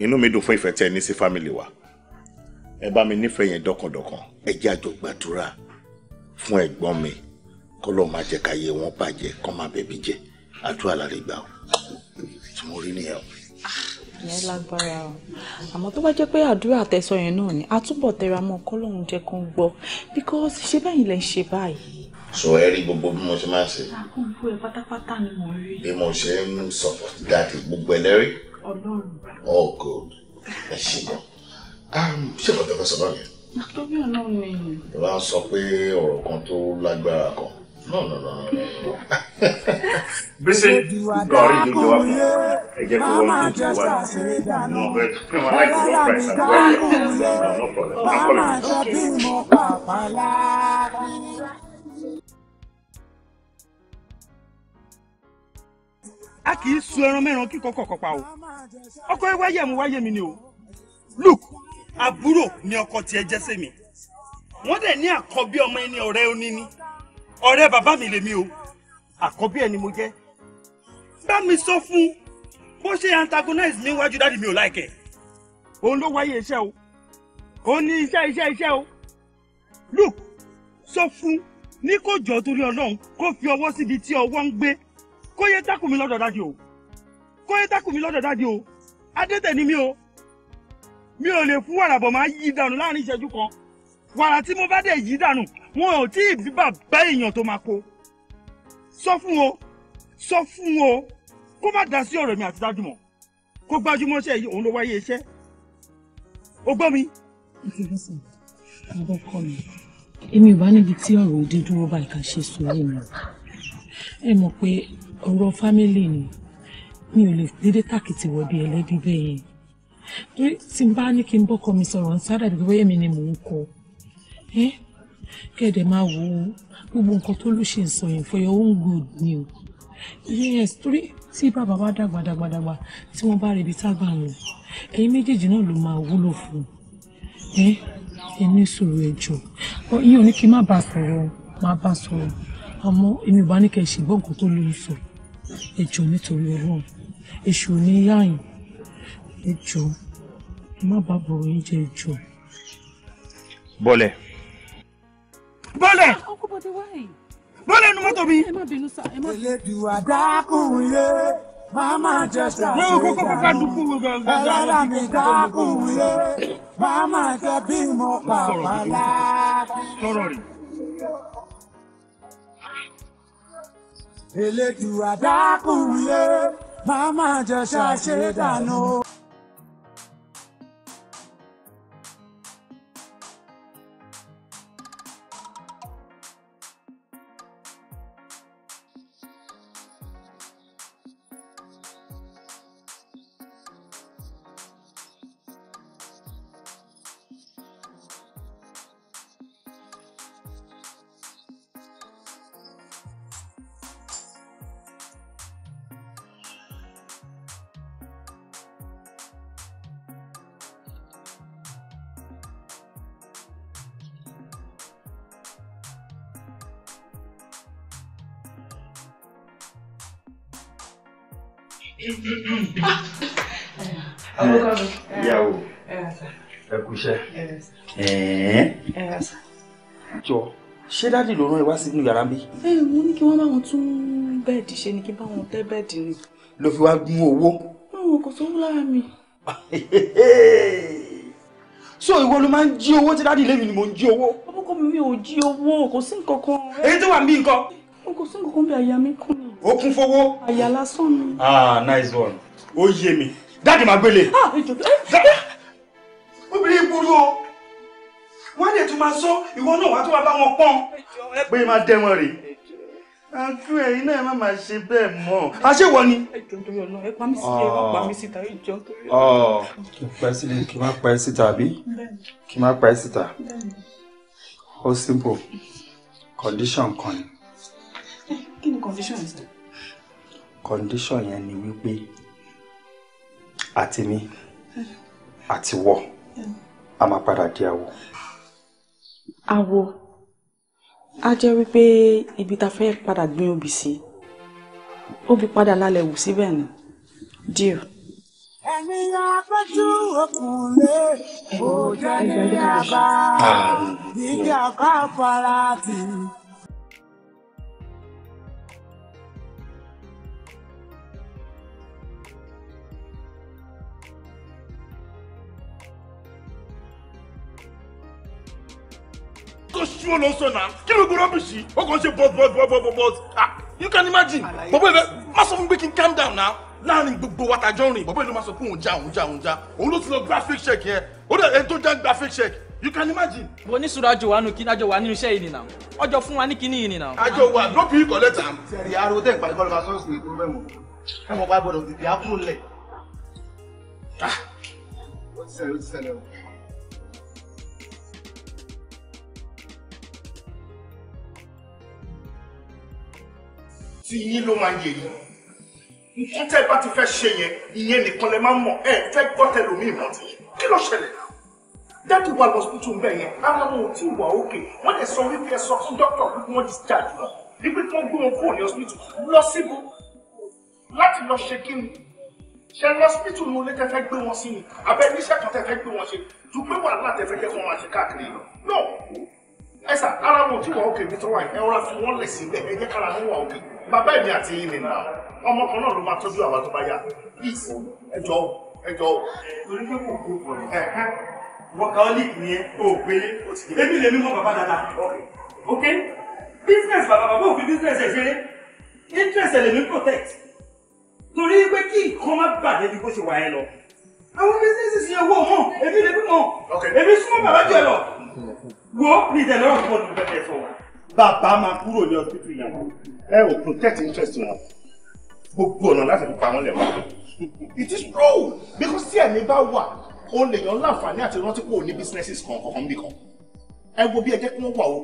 inú mi dùn fún ìfẹ́ tẹ́ ẹ ní sí fámìlì wa ẹ bá mi nífẹ̀ẹ́ yẹn dọ́kàndọ́kàn ẹ jẹ́ àjọ gbàdúrà fún ẹ̀gbọ́n mi kọ́ lọ́ọ́ máa jẹ́ káyé wọn bàjẹ́ kọ́ máa bẹ̀bí jẹ́ àdúrà láre gbà ó tí mo rí nìyẹn o. ìyẹn lágbára o àmọ́ tó bá jẹ́ pé àdúrà tẹ̀sọ yẹn náà ni àtúbọ̀ tẹra mọ́ kọ́ lóun jẹ́ kó ń gbọ́ because ṣé bẹ́yìn lẹ́ ń ṣe báyìí. sọ ẹ rí gbogbo bí mo ṣe máa ń ṣe. àkókò ẹ pátápátá ni mo rí. bí mo ṣe ń sọ̀rọ̀ dáàdì gbogbo ẹlẹ́rìí Ọlọ́run. oh good ẹ ṣe gan ṣé ìbàdàn fẹ́ sọ báyìí. àtọ́bí ọ̀nà mi. ìwà sọ pé ọ̀rọ̀ kan tó lágbára kan no no no no no. bísí lọ́ọ̀rì ló gbé wá fún ẹ jẹ́ kó wọlé tó wá nù bẹ́ẹ̀ pé wọ́n láì tó wọ́n price and well no problem a kì í sun ẹran mẹ́ran kí kọ́kọ́ kọ́ pa o ọkọ ẹ wáyé mi wáyé mi ni o look àbúrò ni ọkọ tiẹ̀ jẹ́ sí mi wọ́n dẹ̀ ní àkọ́bí ọmọ ẹni ọ̀rẹ́ oníní ọ̀rẹ́ bàbá mi lèmi o àkọ́bí ẹni mo jẹ́ bá mi sọ fún bó ṣe antagonize mi wájú dáàdi mi ò láìkẹ́ òun ló wáyé iṣẹ́ o òun ní iṣẹ́ iṣẹ́ iṣẹ́ o look sọ fún ní kò jọ torí ọlọ́run kó fi ọwọ́ síbi tí ọwọ́ ń gbé kó yẹ dákun mi lọ́dọ̀ dájú o kó yẹ dákun mi lọ́dọ̀ dájú o adétẹ̀ ni mi o mi ò lè fún wàrà bọ̀ máa yí dànù láàrin ìṣẹ́jú kan wàrà tí mo bá dẹ̀ yí dànù wọn ò tí ì bí bàbá èèyàn tó máa kó sọ fún o sọ fún o kó má dá sí ọ̀rọ̀ mi àti dájú mọ́ kó gbájúmọ́ iṣẹ́ yìí òun ló wáyé iṣẹ́ o gbọ́ mi. èmi ò bá níbi tí ọ̀rọ̀ òde dúró báyìí ká ṣe sùúrù mi mọ̀ pé ọ̀rọ̀ fámílì ni mi ò lè dédé tàkìtì wọ bí ẹlẹ́bí bẹ́ẹ̀ yẹn torí tí n bá ní kí n bọ́kọ mi sọ̀rọ̀ ń sádà dùgbò èmi ni mò ń kọ kẹ́ẹ̀dẹ̀ máa wò ó gbogbo nǹkan tó lù ṣe ń sọ yẹn for your own good ni o yes torí tí bàbá bá dàgbà dàgbà dàgbà tí wọ́n bá rebi tágbà wọn ẹ̀yin méjèèjì náà ló máa wúlò fún ẹ ní sùúrù ẹ jọ yín ò ní kí n má bàa sọ̀rọ̀ má bàa sọ̀rọ̀ àmọ́ èmi ò bá ní kẹ́ ẹ ṣègbọ́n nǹkan tó lù ú ẹjọ nítorí Ọlọ́run èṣù oníyàyìn ẹjọ má bàa bọrọ yín jẹ bọ́lẹ̀. bọ́lẹ̀. bọ́lẹ̀ nu mọ́tò mi. ẹ má yé mama jẹta lóòrùn ẹlẹ́dà mi dákun yé mama jẹ bí mo pàpà láàbí. Elédùà dákun ilé, màmá jẹ́ ṣàṣe dànù. dáàdì ló rán ẹ wá sí inú yàrá mi. ẹ mo ní kí wọ́n bá wọn tún bẹ́ẹ̀dì ṣe ni kí bá wọn tẹ́ bẹ́ẹ̀dì ni. ló fi wá gún owó. báwo kò sówó lára mi. so ìwọ ló máa ń jí owó tí dáàdì lèmi ni mò ń jí owó. ọkọ mi ò jí owó kò sí nǹkan kan. èyí tó wà mí nǹkan. kò sí nǹkan kan bí àyà mi kún ni. ó kún fowó. àyà lásán ni. ah nice one ó yé mi dáàdì máa gbélé. ah ìjọba obìnrin burú o wọ́n lè tún máa sọ ìwọ náà wàá tún wá bá wọn pọ́n. pé má dẹ́wọ̀n rè àdúrà ẹ̀yin náà má máa ṣe bẹ́ẹ̀ mọ́ àṣewọ ni. ẹjọ torí ọlọ ẹ pa mí sí ẹ má pa mí síta ẹjọ torí ọlọ. kí n pa ẹ sílé kí n má pa ẹ síta àbí kí n má pa ẹ síta ó simple condition kan ni. kí ni condition yẹn sọ. condition yẹn ni wípé àti mi àti wọ a máa padà di àwọ awo á jẹ́ wípé ibi ta a fẹ́ padà gbin obì sí obì padà lálẹ́ wù síbẹ̀ ni díò. ẹ̀yin apẹ́tù òkùnrin òjò ní abá ìjà bá fara tì nǹkan ṣíwó ló ń sọ náà kí ló gbọ́dọ̀ bìsí ó kàn ń ṣe bọ́t bọ́t bọ́t bọ́t bọ́t ah you can imagine bọ́bọ́ ìfẹ́ má sọ fún mi pé kí n calm down now láàrin gbogbo wa tàjọ rìn bọ́bọ́ ìlú má sọ pé òun já òun já òun já òun ló ti lọ graphic check yẹn ó dẹ̀ ẹni tó já graphic check you can imagine. wo ní sùúrù àjọ wa nù kí àjọ wa nínú iṣẹ́ yìí nìyà ọjọ́ fún wa ní kíní yìí nìyà. àjọ wa ló bí ikọ̀ lẹ́tà. sẹ́ẹ̀rì aró tẹ̀ pàdé kọ́lọ́ máa sọ́ọ̀sì ní problem o ẹ mọ̀ pa gbọ́dọ̀ tètè á kúrò lẹ̀. Ah. ó ti ṣẹlẹ̀ ó ti ṣẹlẹ̀ o. tí yín ló máa yẹ yín nǹkan tẹ́ ẹ bá ti fẹ́ ṣe yẹn ìyẹn nìkan lẹ máa ń mọ̀ ẹ fẹ́ gbọ́ tẹlòmíì mọ́ ti yẹn kí ló ṣẹlẹ̀ náà dẹ́tù wà lọ́sítútù ńbẹ yẹn ara wọn ò tí ì wà òkè wọ́n lè sọ wípé ẹ sọ fún dókítà wípé wọ́n discharge wọn wípé kí wọ́n gbé wọn kúrò ní hospital lọ síbo láti lọ ṣe kí ni ṣe lọ́sítútù ní olè tẹ́fẹ́ gbé wọn sí ni abẹ́ níṣẹ́ kan tẹ́fẹ́ gbé wọn ṣe ju pé wàhálà tẹ́fẹ́ jẹ́ wọn máa ṣe káàkiri lọ no ẹ sà ara wọn ò tí ì wà òkè mi tọ́wà ẹ ọ̀rá fi wọ́n lẹ̀ sílẹ̀ ẹ jẹ́ kára wọn wà òkè bàbá èmi àti yín nìyà ọmọ náà ló máa tọ́jú àwa tó bá yá ẹjọ́ ẹjọ́. torí pé kò kú bọ̀ ẹ̀ workaholic ni ẹ o gbélé èmi lèmi mọ bàbá dáadáa ok business bàbá bàbá òfin business ẹ ṣeré interest ẹ lèmi protect torí pé kí nǹkan má bàjẹ́ bí kò ṣe wà ẹ lọ àwọn businesses yẹn wọ mọ èmi lèmi mọ èmi súnmọ́ bàbá jù ẹ lọ wo mi ìdẹ̀lọ́rọ̀ pọ̀ ní bẹ́ẹ̀ sọ wa. bàbá máa kúrò ní ọtí ẹ ò protect interest wọn gbogbo ọ̀nà láti fi pa wọ́n lẹ̀ wọ́n. it is true because tí ẹ̀mí bá wà ó lè yan láǹfààní àti rántí pò ní businesses kan kọ̀ọ̀kan bí kan ẹ wo bí ẹ jẹ́ kí wọ́n wà ó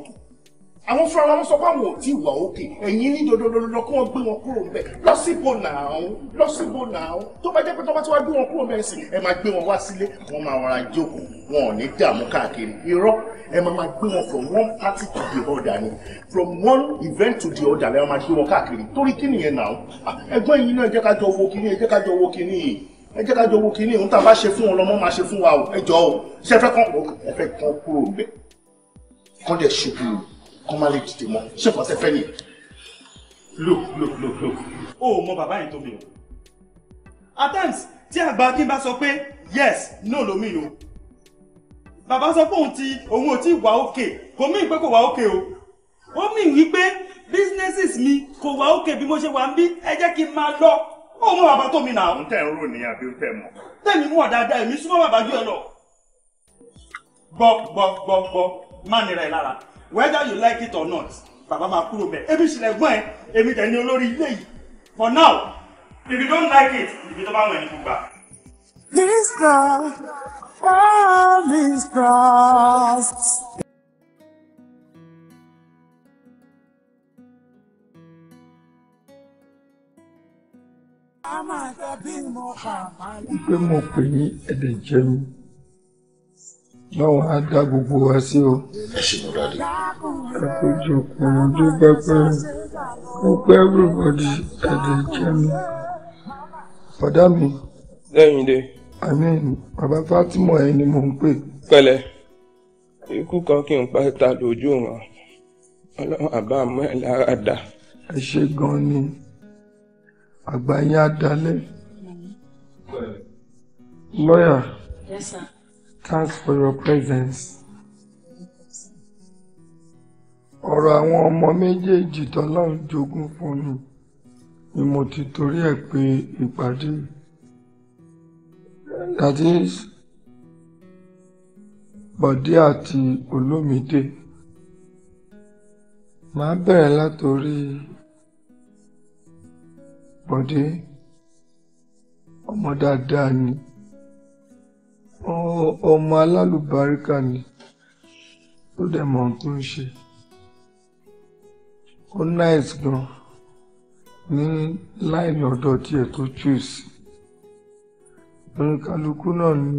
àwọn fúnra wọn sọ pé àwọn ò tí ì wà òkè ẹ̀yin ní dandandandan kí wọ́n gbé wọn kúrò ń bẹ̀ lọ́síbò nàá lọ́síbò nàá tó bá jẹ́ pé tọ́ba tí wàá gbé wọn kúrò bẹ́ẹ̀ sì ẹ máa gbé wọn wá sílé àwọn máa rọra jókòó wọn ò ní dààmú káàkiri irọ́ ẹ máa máa gbé wọn from one party to the other ni from one event to the other lẹ́yìn máa gbé wọn káàkiri torí kí nìyẹn nàá ẹgbọ́n yìí náà ẹ jẹ́ ká jọ wo kinní ẹ jẹ́ ká jọ wo kinní yìí ẹ jẹ́ ká jọ wo kinní ohun tá a bá ṣe fún wọn lọ́mọ máa ṣe fún wa o ẹ jọ o ṣe ẹ fẹ́ kán kúrò ń bẹ̀ dẹ̀ ṣubú kọ́ má lè dìde mọ́ ṣé kò tẹ́ fẹ́ ni. look look look look o ò mọ bàbá yẹn tó o at times tí àgbà akin bá sọ pé yes no ló mi o bàbá sọ pé òun ti òun ò tí wà òkè kò mí pé kò wà òkè o ó mì wípé businesses mi kò wà òkè bí mo ṣe wà ń bí ẹ jẹ́ kí n máa lọ ó mọ bàbá tó mi nà. n tẹ̀ ń rò ní àbí n tẹ̀ mọ̀. tẹ̀mí mọ̀ dáadáa èmi má nira lára whether you like it or not bàbá máa kúrò bẹ̀ ebi ṣìlẹ̀ gbọ́n ẹ èmi dẹ̀ ni olórí ilé yìí for now if you don't like it ibi tó bá wọn ẹni kò gbà. this girl all is crossed. pé mo pè ẹ̀dẹ̀ jẹ́rú lọ́wọ́ á gbogbo wa sí o. ẹ ṣe mo dáadé. everybody ẹ̀dẹ̀ jẹ́ mi. bọ̀dá mi. lẹ́yìn dé. àmì bàbá Fátímọ̀ ni mò ń pè. kan kí n pa ta lójú wọn Ọlọ́run àbá mọ ẹ lára dá. ẹ ṣe gan ni àgbáyé á dalẹ̀. lọ́yà. Yes, sir. Thanks for your presence. Ọ̀rọ̀ àwọn ọmọ méjèèjì tọ́lọ́run jogún fún mi ni mo ti torí ẹ̀ pé ìpàdé. That is, Bọ̀dé àti Olómídé. Màá bẹ̀rẹ̀ látòrí Bọ̀dé. Ọmọ dáadáa ni ọmọ alálùbáríkà ni ó dẹ̀ mọ̀ ohun tó ń ṣe ó nice gan ní láìní ọ̀dọ̀ tiẹ̀ tó choose oníkálukú náà ni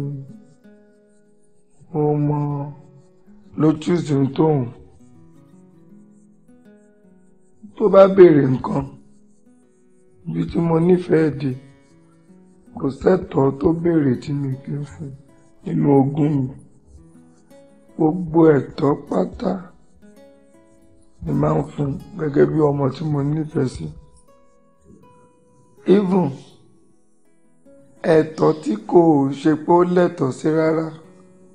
ó mọ ló choose ń tóun tó bá béèrè nǹkan ibi tí mo nífẹ̀ẹ́ dé kò sẹ́tọ̀ọ́ tó béèrè tí mi kì í fún un nínú ogún yìí gbogbo ẹ̀tọ́ pátá ni máa ń fún gẹ́gẹ́ bí ọmọ tí mo nífẹ̀ẹ́ sí even ẹ̀tọ́ tí kò ṣe pé ó lẹ́tọ̀ọ́ sí rárá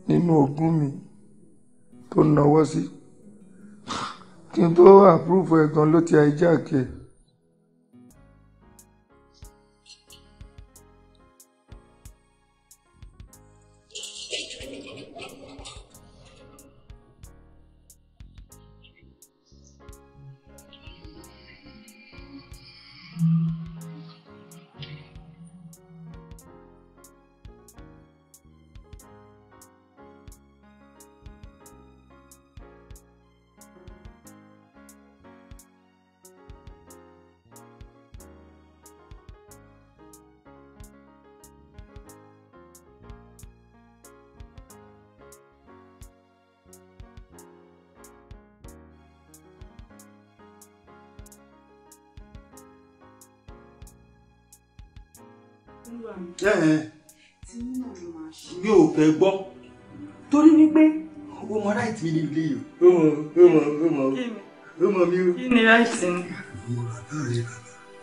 nínú ogún mi tó náwó sí kí n tó àpúrúfù ẹ̀gbọ́n ló ti hijack ẹ̀.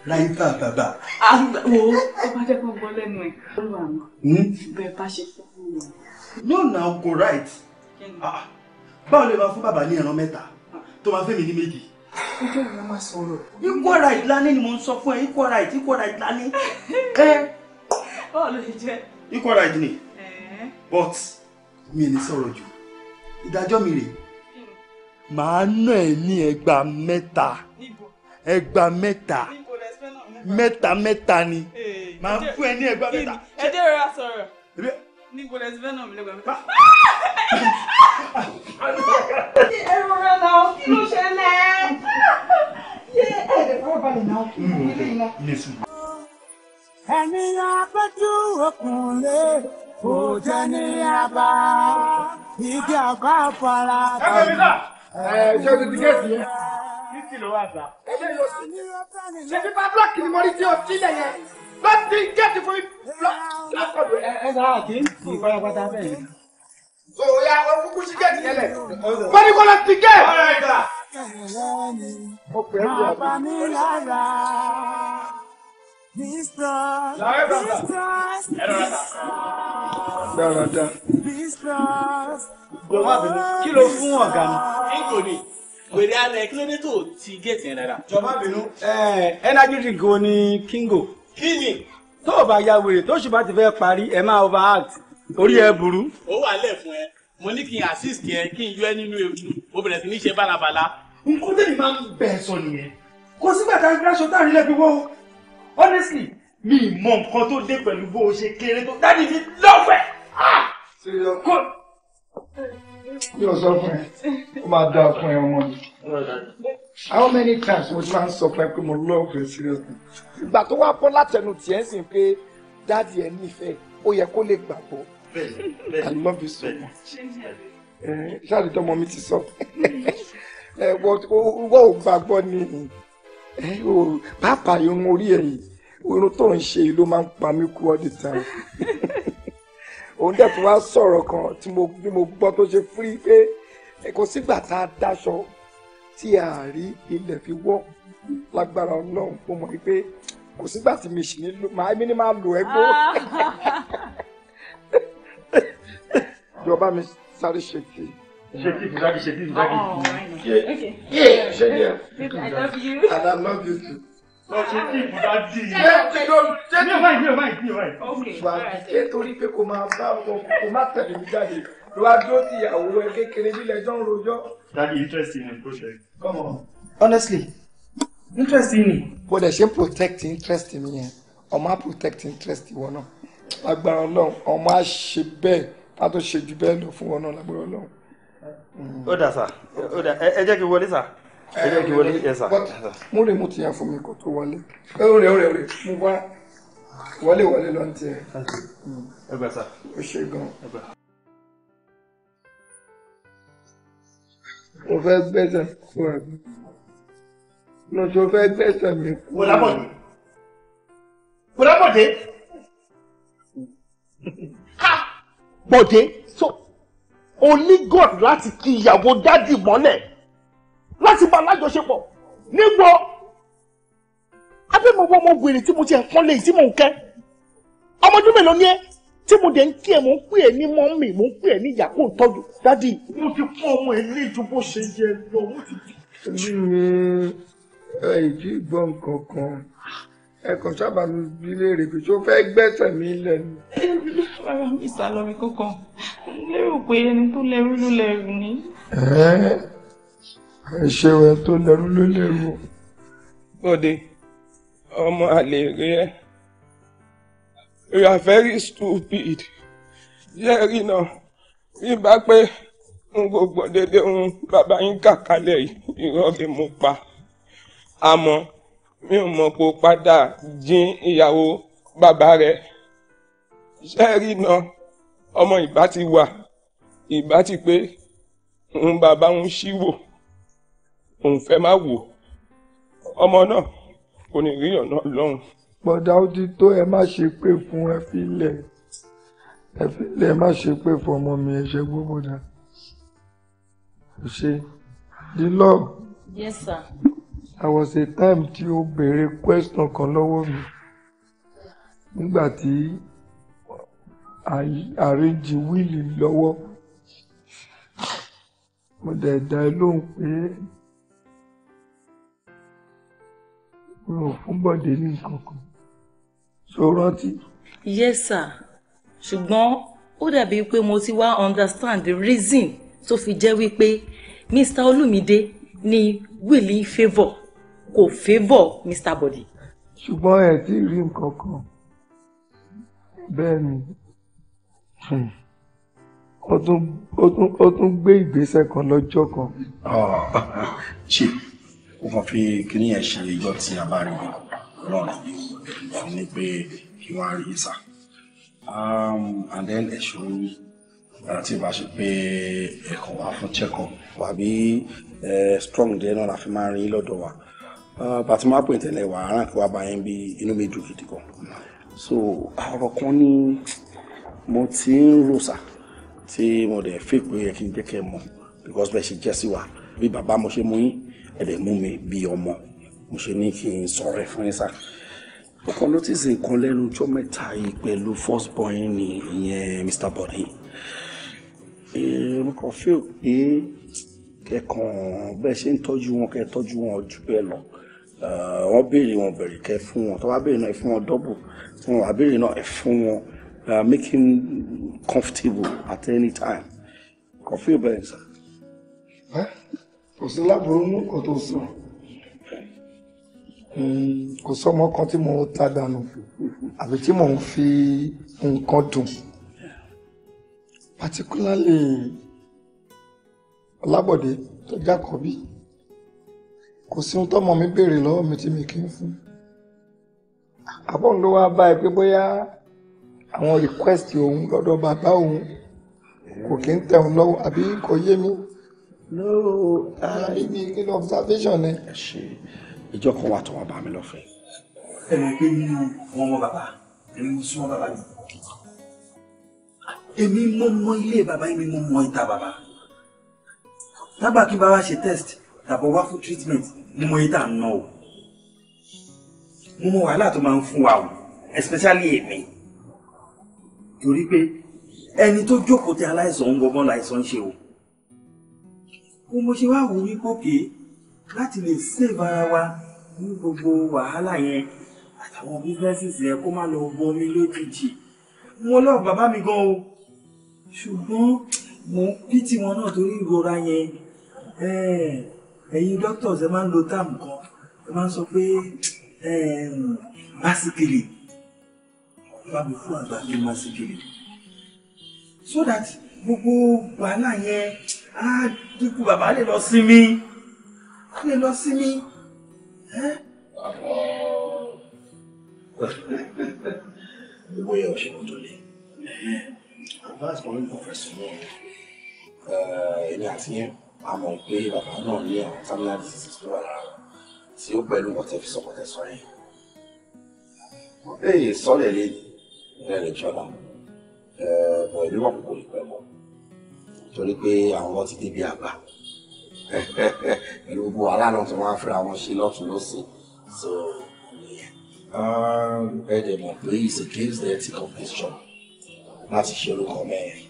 ráyíká bàbà. wo ọba jẹ́ kó gbọ́ lẹ́nu ẹ̀ lọ́wọ́ àná bẹ́ẹ̀ bá ṣe fún mi. no na go right ah, báwo lè máa fún bàbá ní ẹran mẹ́ta tó máa fẹ́ mi ní méjì. ojú ìyá máa sọ̀rọ̀. equal right lání ni mo ń sọ fún ẹ equal right equal right lání. Eh? báwo ló ṣe jẹ́. equal right ni but mi ò ní sọ̀rọ̀ jù ìdájọ́ mi rèé màá nà ẹ́ ní ẹgbàá mẹ́ta ẹgbàá mẹ́ta mẹ́ta mẹ́ta ni màá fún ẹ ní ẹgbẹ́ mẹ́ta. ẹ jẹ́ rẹ̀ sọ̀rọ̀ níbo lẹ ti fẹ́ nà mí lẹ́gbẹ̀ẹ́ mẹ́ta. ẹrù rẹ náà kí ló ṣẹlẹ̀ yé ẹ̀ẹ́dẹ̀ fọwọ́balẹ̀ náà kí ló ń lé iná. ẹni apẹ́jú ọkùnrin kò jẹ́ ní abá igi àgbà fara. ẹ ṣe ti di gẹ̀ẹ́sì yẹn títì ló wà sá. ẹbí ló sì ní. ṣé pípa blọọkì ni mo rí tí o sílẹ̀ yẹn ló ti gẹ́ẹ̀tì fún lọ́kọ̀dù. ẹ ẹ sáà kì í tì í pátápátá bẹ́ẹ̀ ni. sòyà ọkùnkùn sí gẹ́ẹ̀tì yẹn lẹ̀. wọ́n ní kó lọ ti gẹ́ẹ̀. ọ̀rẹ́ ìgbà. mo pè é bí ọ̀rẹ́. bàbá mi lára. Dáadáa. Jọ̀wọ́ àbẹ̀lẹ̀ kí ló fún ọ̀gá mi? Ígò ni wèrè alẹ kí ló dé tó ti géètì yẹn dáadáa. jọba bínú. energy drink wo ni kingo. kí ni. tó o bá ya wèrè tó ṣùgbọ́n ti fẹ́ parí ẹ máa overact orí ẹ burú. ó wà lẹ̀ fún ẹ mo ní kí n assist yẹn kí n yọ ẹ nínú ewu mo bẹ̀rẹ̀ sí ní ṣe bálabàla. nǹkan tẹ́lẹ̀ máa ń bẹ̀ sọ nìyẹn kò sígbà tá a gbé aṣọ táàrin lẹ́bi wọ́ honestly mi mọ nǹkan tó dé pẹ̀lú bó o ṣe kéré tó dáàdi mi lọ́fẹ̀ẹ́ bí o sọ fún ẹ ó máa dáa how many times would ti máa ń sọ fún ẹ pé mo love you seriously. ìgbà tó wá bọ́ látẹnu tiẹ̀ ń sìn pé dáàdi ẹ̀ nífẹ̀ẹ́ ó yẹ kó lè i love you so much. ṣáàdì tọmọ mi ti sọ wọ́n What? What ni pàápàá irun orí ẹ̀yìn irun tó ń ṣe yìí ló máa ń pa mí kú all the time òun dẹ̀ tún wá sọ̀rọ̀ kan tí mo bí mo gbọ́ tó ṣe fúrí pé kò sígbà tá a dáṣọ tí a rí ilẹ̀ fi wọ́ lágbára ọlọ́run mo mọ̀ pé kò sígbà tí mi sì ní lò máa mi ní máa lò ẹ́ gbó. ìjọba mi sáré ṣe kí. ṣe kí ìfúnṣáàkì ṣe kí ìfúnṣáàkì. ṣe kí ìfúnṣáàkì. I love you. And I love you too lọ interesting in come on. honestly interest ni. kò dẹ̀ ṣe protect interest mi yẹn ọmọ á protect interest wọn náà lágbára ọlọ́run ọmọ á ṣe bẹ́ẹ̀ á tó ṣe jù bẹ́ẹ̀ lọ fún wọn náà lágbára ọlọ́run. ó dà sà ẹ jẹ́ kí n wọlé sà ẹ jẹ́ kí wọlé yẹ sà. mo rè mo ti yàn fún mi kó tó wọlé ó rè ó rè ó rè mo bá wọlé wọlé lọ ní tiẹ̀. ẹ ṣe gan o fẹ́ gbẹ́sẹ̀ kó ẹ lọ sọ fẹ́ mi kú. kòlábọ̀dé kòlábọ̀dé ha bọ̀dé so o ní god láti kí ìyàwó dádì mọ́lẹ̀ láti bá alájọṣepọ̀ níwọ abẹ́mọ̀wọ́ ọmọ wèrè tí mo ti ẹ̀kan lè tí mò ń kẹ́ ọmọdún mélòó ni ẹ tí mo dẹ̀ ń kí ẹ mò ń pè é ní mọ́mì mò ń pè é ní ìyá kó ń tọ́jú dádì. mo ti kọ́ ọmọ ẹ ní ju bó ṣe yẹ lọ mo ti. èmi ni ìdí gbọ́ nǹkan kan ẹ̀kan sábà mi bí léèrè pé tó fẹ́ gbẹ́sẹ̀ mi lẹ́nu. rárá mi sá lọ rí kókó lérò pé ẹni tó lẹ́rú ló lẹ́rù ni ẹ ṣeun ẹ tó lẹ́rú ló lẹ́rú. bọ́dé ọmọ àlè rẹ ẹ you are very stupid jẹ́rì náà rí bá pé n kò gbọ́ dédé ohun bàbá yín kàkálẹ̀ irọ́ lè mú pa àmọ́ mi ò mọ̀ pé ó padà jín ìyàwó bàbá rẹ̀ jẹ́rì náà ọmọ ìbá ti wà ìbá ti pé òun bàbá òun ṣíwò òun fẹ́ má wò ọmọ náà kò ní rí ọ̀nà lọ́hùn. bọ̀dá ó ti tó ẹ má ṣe pé fún ẹ fi lẹ̀ ẹ fi lẹ̀ má ṣe pé fún ọmọ mi ẹ ṣe gbọ́ bọ̀dá. ṣe di love. yes sir. I was a time tí ó béèrè question kan lọ́wọ́ mi nígbà tí àríjì wíìlì lọ́wọ́ mo dẹ̀ dá ẹ lóhùn pé. wọn fún Bọ̀dé ní nǹkan kan rántí. yes sir ṣùgbọ́n ó dàbí pé mo ti wá understand the reason tó fi jẹ́ wípé Mr. Olumide ni wíìlì favour kò favour Mr. Bọ̀dé. ṣùgbọ́n ẹ ti rí nǹkan kan bẹ́ẹ̀ ni hmm. ó tún gbé ìgbésẹ̀ kan lọ́jọ́ kan. Ah, chief ó kàn fi kíní yẹn ṣe ìjọ tí a bá rí i náà fún ni pé kí wọ́n á rí ìsà um, and then ẹ̀ṣọ́ àti uh, ìbá ṣe pé ẹ̀kọ́ wà fún check-up àbí strong dé náà la fi máa rí lọ́dọ̀ wa uh, bàtí máa pè tẹ́lẹ̀ wà á ràn kí wàá bá yẹn bí inú mi dùn gidi gan so ọ̀rọ̀ kan ní mo ti ń rò sá tí mo dẹ̀ fẹ́ yẹ kí n jẹ́ kẹ́ mọ̀ because bẹ́ẹ̀ ṣe jẹ́ sí wa bí bàbá mo ṣe mú yín ẹ̀rẹ̀ mú mi bí ọmọ mo ṣe ní kí n sọ̀rọ̀ ẹ̀ fún yín sá. mo kàn notice nǹkan lẹ́nu ọjọ́ mẹ́ta yìí pẹ̀lú first born ni ìyẹn Mr. Body. mo kàn pé kẹkàn bẹ́ẹ̀ ṣe ń tọ́jú wọn kẹ́ tọ́jú wọn jù bẹ́ẹ̀ lọ wọ́n béèrè wọn bẹ̀rẹ̀ kẹ́ fún wọn tó bá béèrè náà ẹ wọn dọ́bù tí wọ́n bá béèrè náà ẹ wọn making comfortable at any time kàn feel bẹ́ẹ̀ sá kò sí láburú mú kò tó sọ hmm, kò sọmọ kan tí mo ta dànù àbí tí mò fi nǹkan dùn particularly Ọlábọ̀dé tó jákọ̀ọ́bí kò sí ohun tọ́mọ mi béèrè lọ́wọ́ mi tí mi kì í fún àbọ̀n ló bá ẹ pé bóyá àwọn request òun lọ́dọ̀ bàbá òun kò kí ń tẹ̀ òun lọ́wọ́ àbí kò yé mi no I ah, ibi ìpínlẹ̀ observation ni. ẹ ṣe ìjọ kan wà tó wọn bá mi lọ́fẹ̀ẹ́. ẹ mọ̀ pé nínú wọn mọ bàbá èmi mo súnmọ́ bàbá mi. èmi mo mọ ilé bàbá èmi mo mọ ìta bàbá. tábà kí bàbá ṣe test tàbí wá fún treatment mo mọ ìta ń ná o. mo mọ wàhálà tó especially emi. torí pé ẹni tó jókòó tí aláìsàn ń gbọgbọ́n láìsàn ń ṣe ó mo ṣe wá wò ó wípòkè láti lè save ara wa ní gbogbo wàhálà yẹn àtàwọn businesses yẹn kó má lọ bomi lójijì mo lọ bàbá mi gan o ṣùgbọ́n mo ń pítì wọn náà torí ìrora yẹn eh, ẹ̀yin doctors ẹ máa ń lo tam kan ẹ máa ń sọ pé ehm, básíkìlì bá mi fún àgbà ní básíkìlì so that gbogbo wàhálà yẹn á ah, dínkù bàbá lè lọ sinmi á lè lọ sinmi. gbogbo yẹn ọ̀ṣẹ́ kò tó lé advice kan ní professor náà èmi àti yẹn a mọ̀ pé bàbá náà ní àwọn terminal diseases tó wà lára tí ó pẹ̀lú nǹkan tẹ́ fi sọ̀kọ̀ tẹ́ sọ yẹn. wọ́n lè sọ́lẹ̀ lé ní ilé ẹ̀lẹ́jọ́ náà pẹ̀lú àkókò ìpẹ́ mọ́ nítorí pé àwọn ti débi àgbà pẹ̀lú gbogbo aláàánú tí wọ́n á fẹ́ra wọn ṣe lọ́tún lọ́sìn so um, ẹ dẹ̀ mọ̀ pé it's against the ethical competition láti ṣe orúkọ mẹ́rin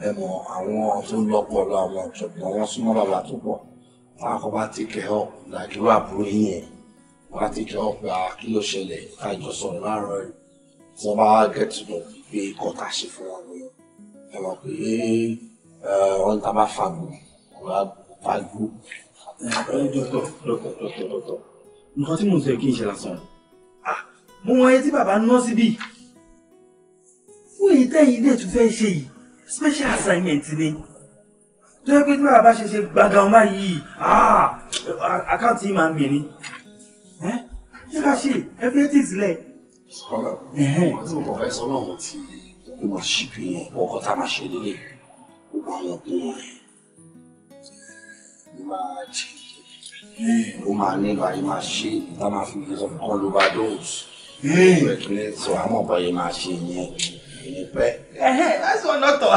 ẹ mọ̀ àwọn tó lọ́pọ̀lọ́ àwọn ọ̀jọ̀gbọ́n wọn súnmọ́ bàbá tó pọ̀ àkọ́ bá ti kẹ́ ọ́ làkírò àbúrò yín yẹn wọ́n á ti kẹ́ ọ́ pé ah, kí ló ṣẹlẹ̀ ká jọ sọ̀rọ̀ láàárọ̀ tí wọ́n bá get to know pé ṣe fún wọn lóyún ẹ mọ̀ pé wọ́n ta bá fagbó wọ́n á fagbó. dọ́tọ̀ dọ́tọ̀ dọ́tọ̀ dọ́tọ̀ nǹkan tí mò ń sọ kí n ṣe lásán ah, mo mọ etí bàbá ná síbí fún èyí tẹ́yìn ilé tún fẹ́ ṣe yìí special assignment ni tó yẹ pé tí bàbá ṣe ṣe gbàgà ọmọ yìí àkáǹtì ah, yìí máa ń gbìn ni eh, ṣé ká ṣe everything lẹ. sọlá wọn ti kọ fẹsọ náà wọn ti yé worship yẹn ọkọ tá a máa ṣe lélẹ̀ gbogbo àwọn òkun rẹ̀ ló máa jẹ ó máa ní ìgbà yìí máa ṣe tá a máa fi sọ kọ́ ló bá dóòtù ìrẹ̀kílẹ̀ sọ àwọn ọ̀bọ yìí máa ṣe yẹn ìyẹn pẹ́. that's one doctor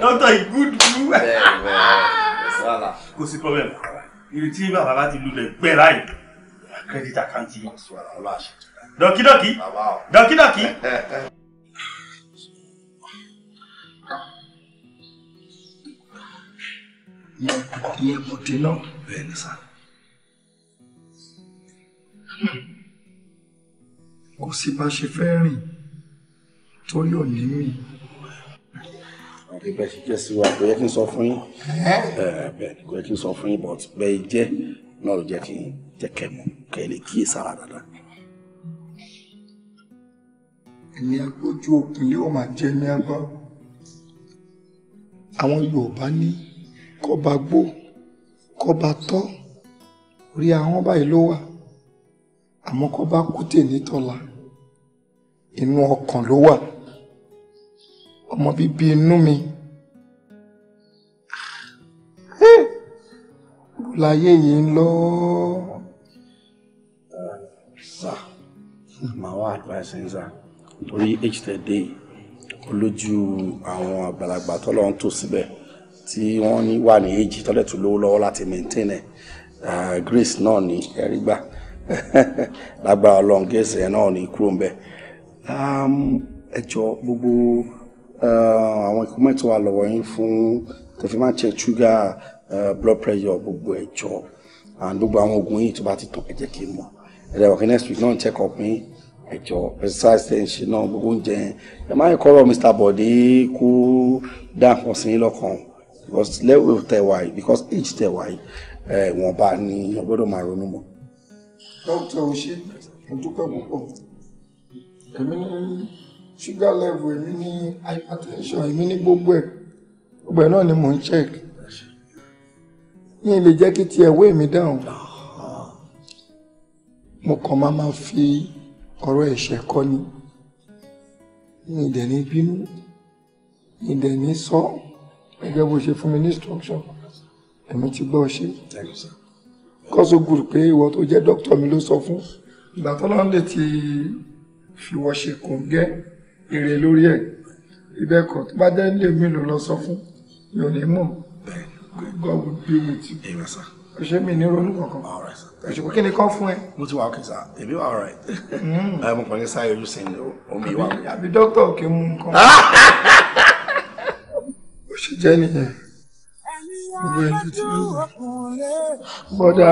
doctor is good blue. kò sí problem ìrètí bàbá bá ti lulẹ̀ gbẹ láì credit account yìí dọ̀kídọ̀kí dọ̀kídọ̀kí. ní èbúté náà bẹ́ẹ̀ ni sá. kò sí bá ṣe fẹ́ rìn torí ò ní mì. àdìgbà ṣe jẹ́ sí wa kò yẹ kí n sọ fún yín bẹ́ẹ̀ ni kò yẹ kí n sọ fún yín but bẹ́ẹ̀ jẹ́ náà ló jẹ́ kí n jẹ́ kẹ́ mọ̀ kẹ́ lè kíyè sára dáadáa. ẹni agbójú òkun yóò máa jẹ ní agbá kọba gbó kọba tọ́ orí ahọ́n báyìí ló wà àmọ́ kọba kúté nítọ́la inú ọkàn ló wà ọmọ bíbí inú mi láyé yìí ń lọ. sá màá wá advice ń torí age tẹ̀ dé olójú àwọn àgbàlagbà tọ́lọ́ ń síbẹ̀ tí wọ́n ní wà ní èjì tọ́lẹ̀ tó lówó lọ́wọ́ láti maintain ẹ̀ grace náà ní ẹ̀rí gbà lágbára ọlọ́run gẹ̀ẹ́sì ẹ̀ náà ní kúrò ń bẹ̀. ẹjọ́ gbogbo àwọn ìkọ́mẹ́tò wà lọ́wọ́ yín fún tẹ̀fí check sugar blood pressure gbogbo ẹ̀jọ́ and gbogbo àwọn oògùn yìí tó bá ti tàn ẹ jẹ́ kí n mọ̀ ẹ̀dẹ̀ wọ̀kí next week náà ń check up yín ẹ̀jọ̀ exercise ten ṣe náà gbogbo oúnjẹ yẹn ẹ má yẹ kọ́rọ̀ Mr. Bọ̀dé kó dá sí lọ́kàn because level tẹwa yìí because age tẹwa yìí eh, wọn bá ní ọgbọ́dọ̀ máa ronú mọ́. dókítà oṣé mo dúpẹ́ púpọ̀ èmi ní sugar level èmi ní hypertension èmi ní gbogbo ẹ̀ gbogbo ẹ̀ náà ni mò ń check yín lè jẹ́ kí tiẹ̀ wé mi dáhùn mo kàn máa máa fi ọ̀rọ̀ ẹ̀ṣẹ̀ kọ́ ni mi dẹ̀ ní bínú mi dẹ̀ ní sọ́ọ́ gẹ́gẹ́ bó ṣe fún mi ní instruction èmi ti gbọ́ ṣe kọ́sọ́ gùrù pé ìwọ tó jẹ́ dókítà mi ló sọ fún ìgbà tọ́lọ́run lè ti fìwọ́ ṣe kòńgẹ́ èrè lórí ẹ̀ ibẹ̀ kọ̀ tó bá jẹ́ ilé mi ló lọ sọ fún mi ní mọ̀ God will be with you. O ṣe mi ní ronú kankan. All right, sir. kí ni kọ́ fún ẹ? Mo ti wà ókè sá, èmi wà all right. Hmm. Eh, mo kàn ní sáyé ojú ni omi ìwà. Àbí dókítà òkè mú nǹkan. jẹ́ nìyẹn gbogbo ẹni tí ó bọ́dà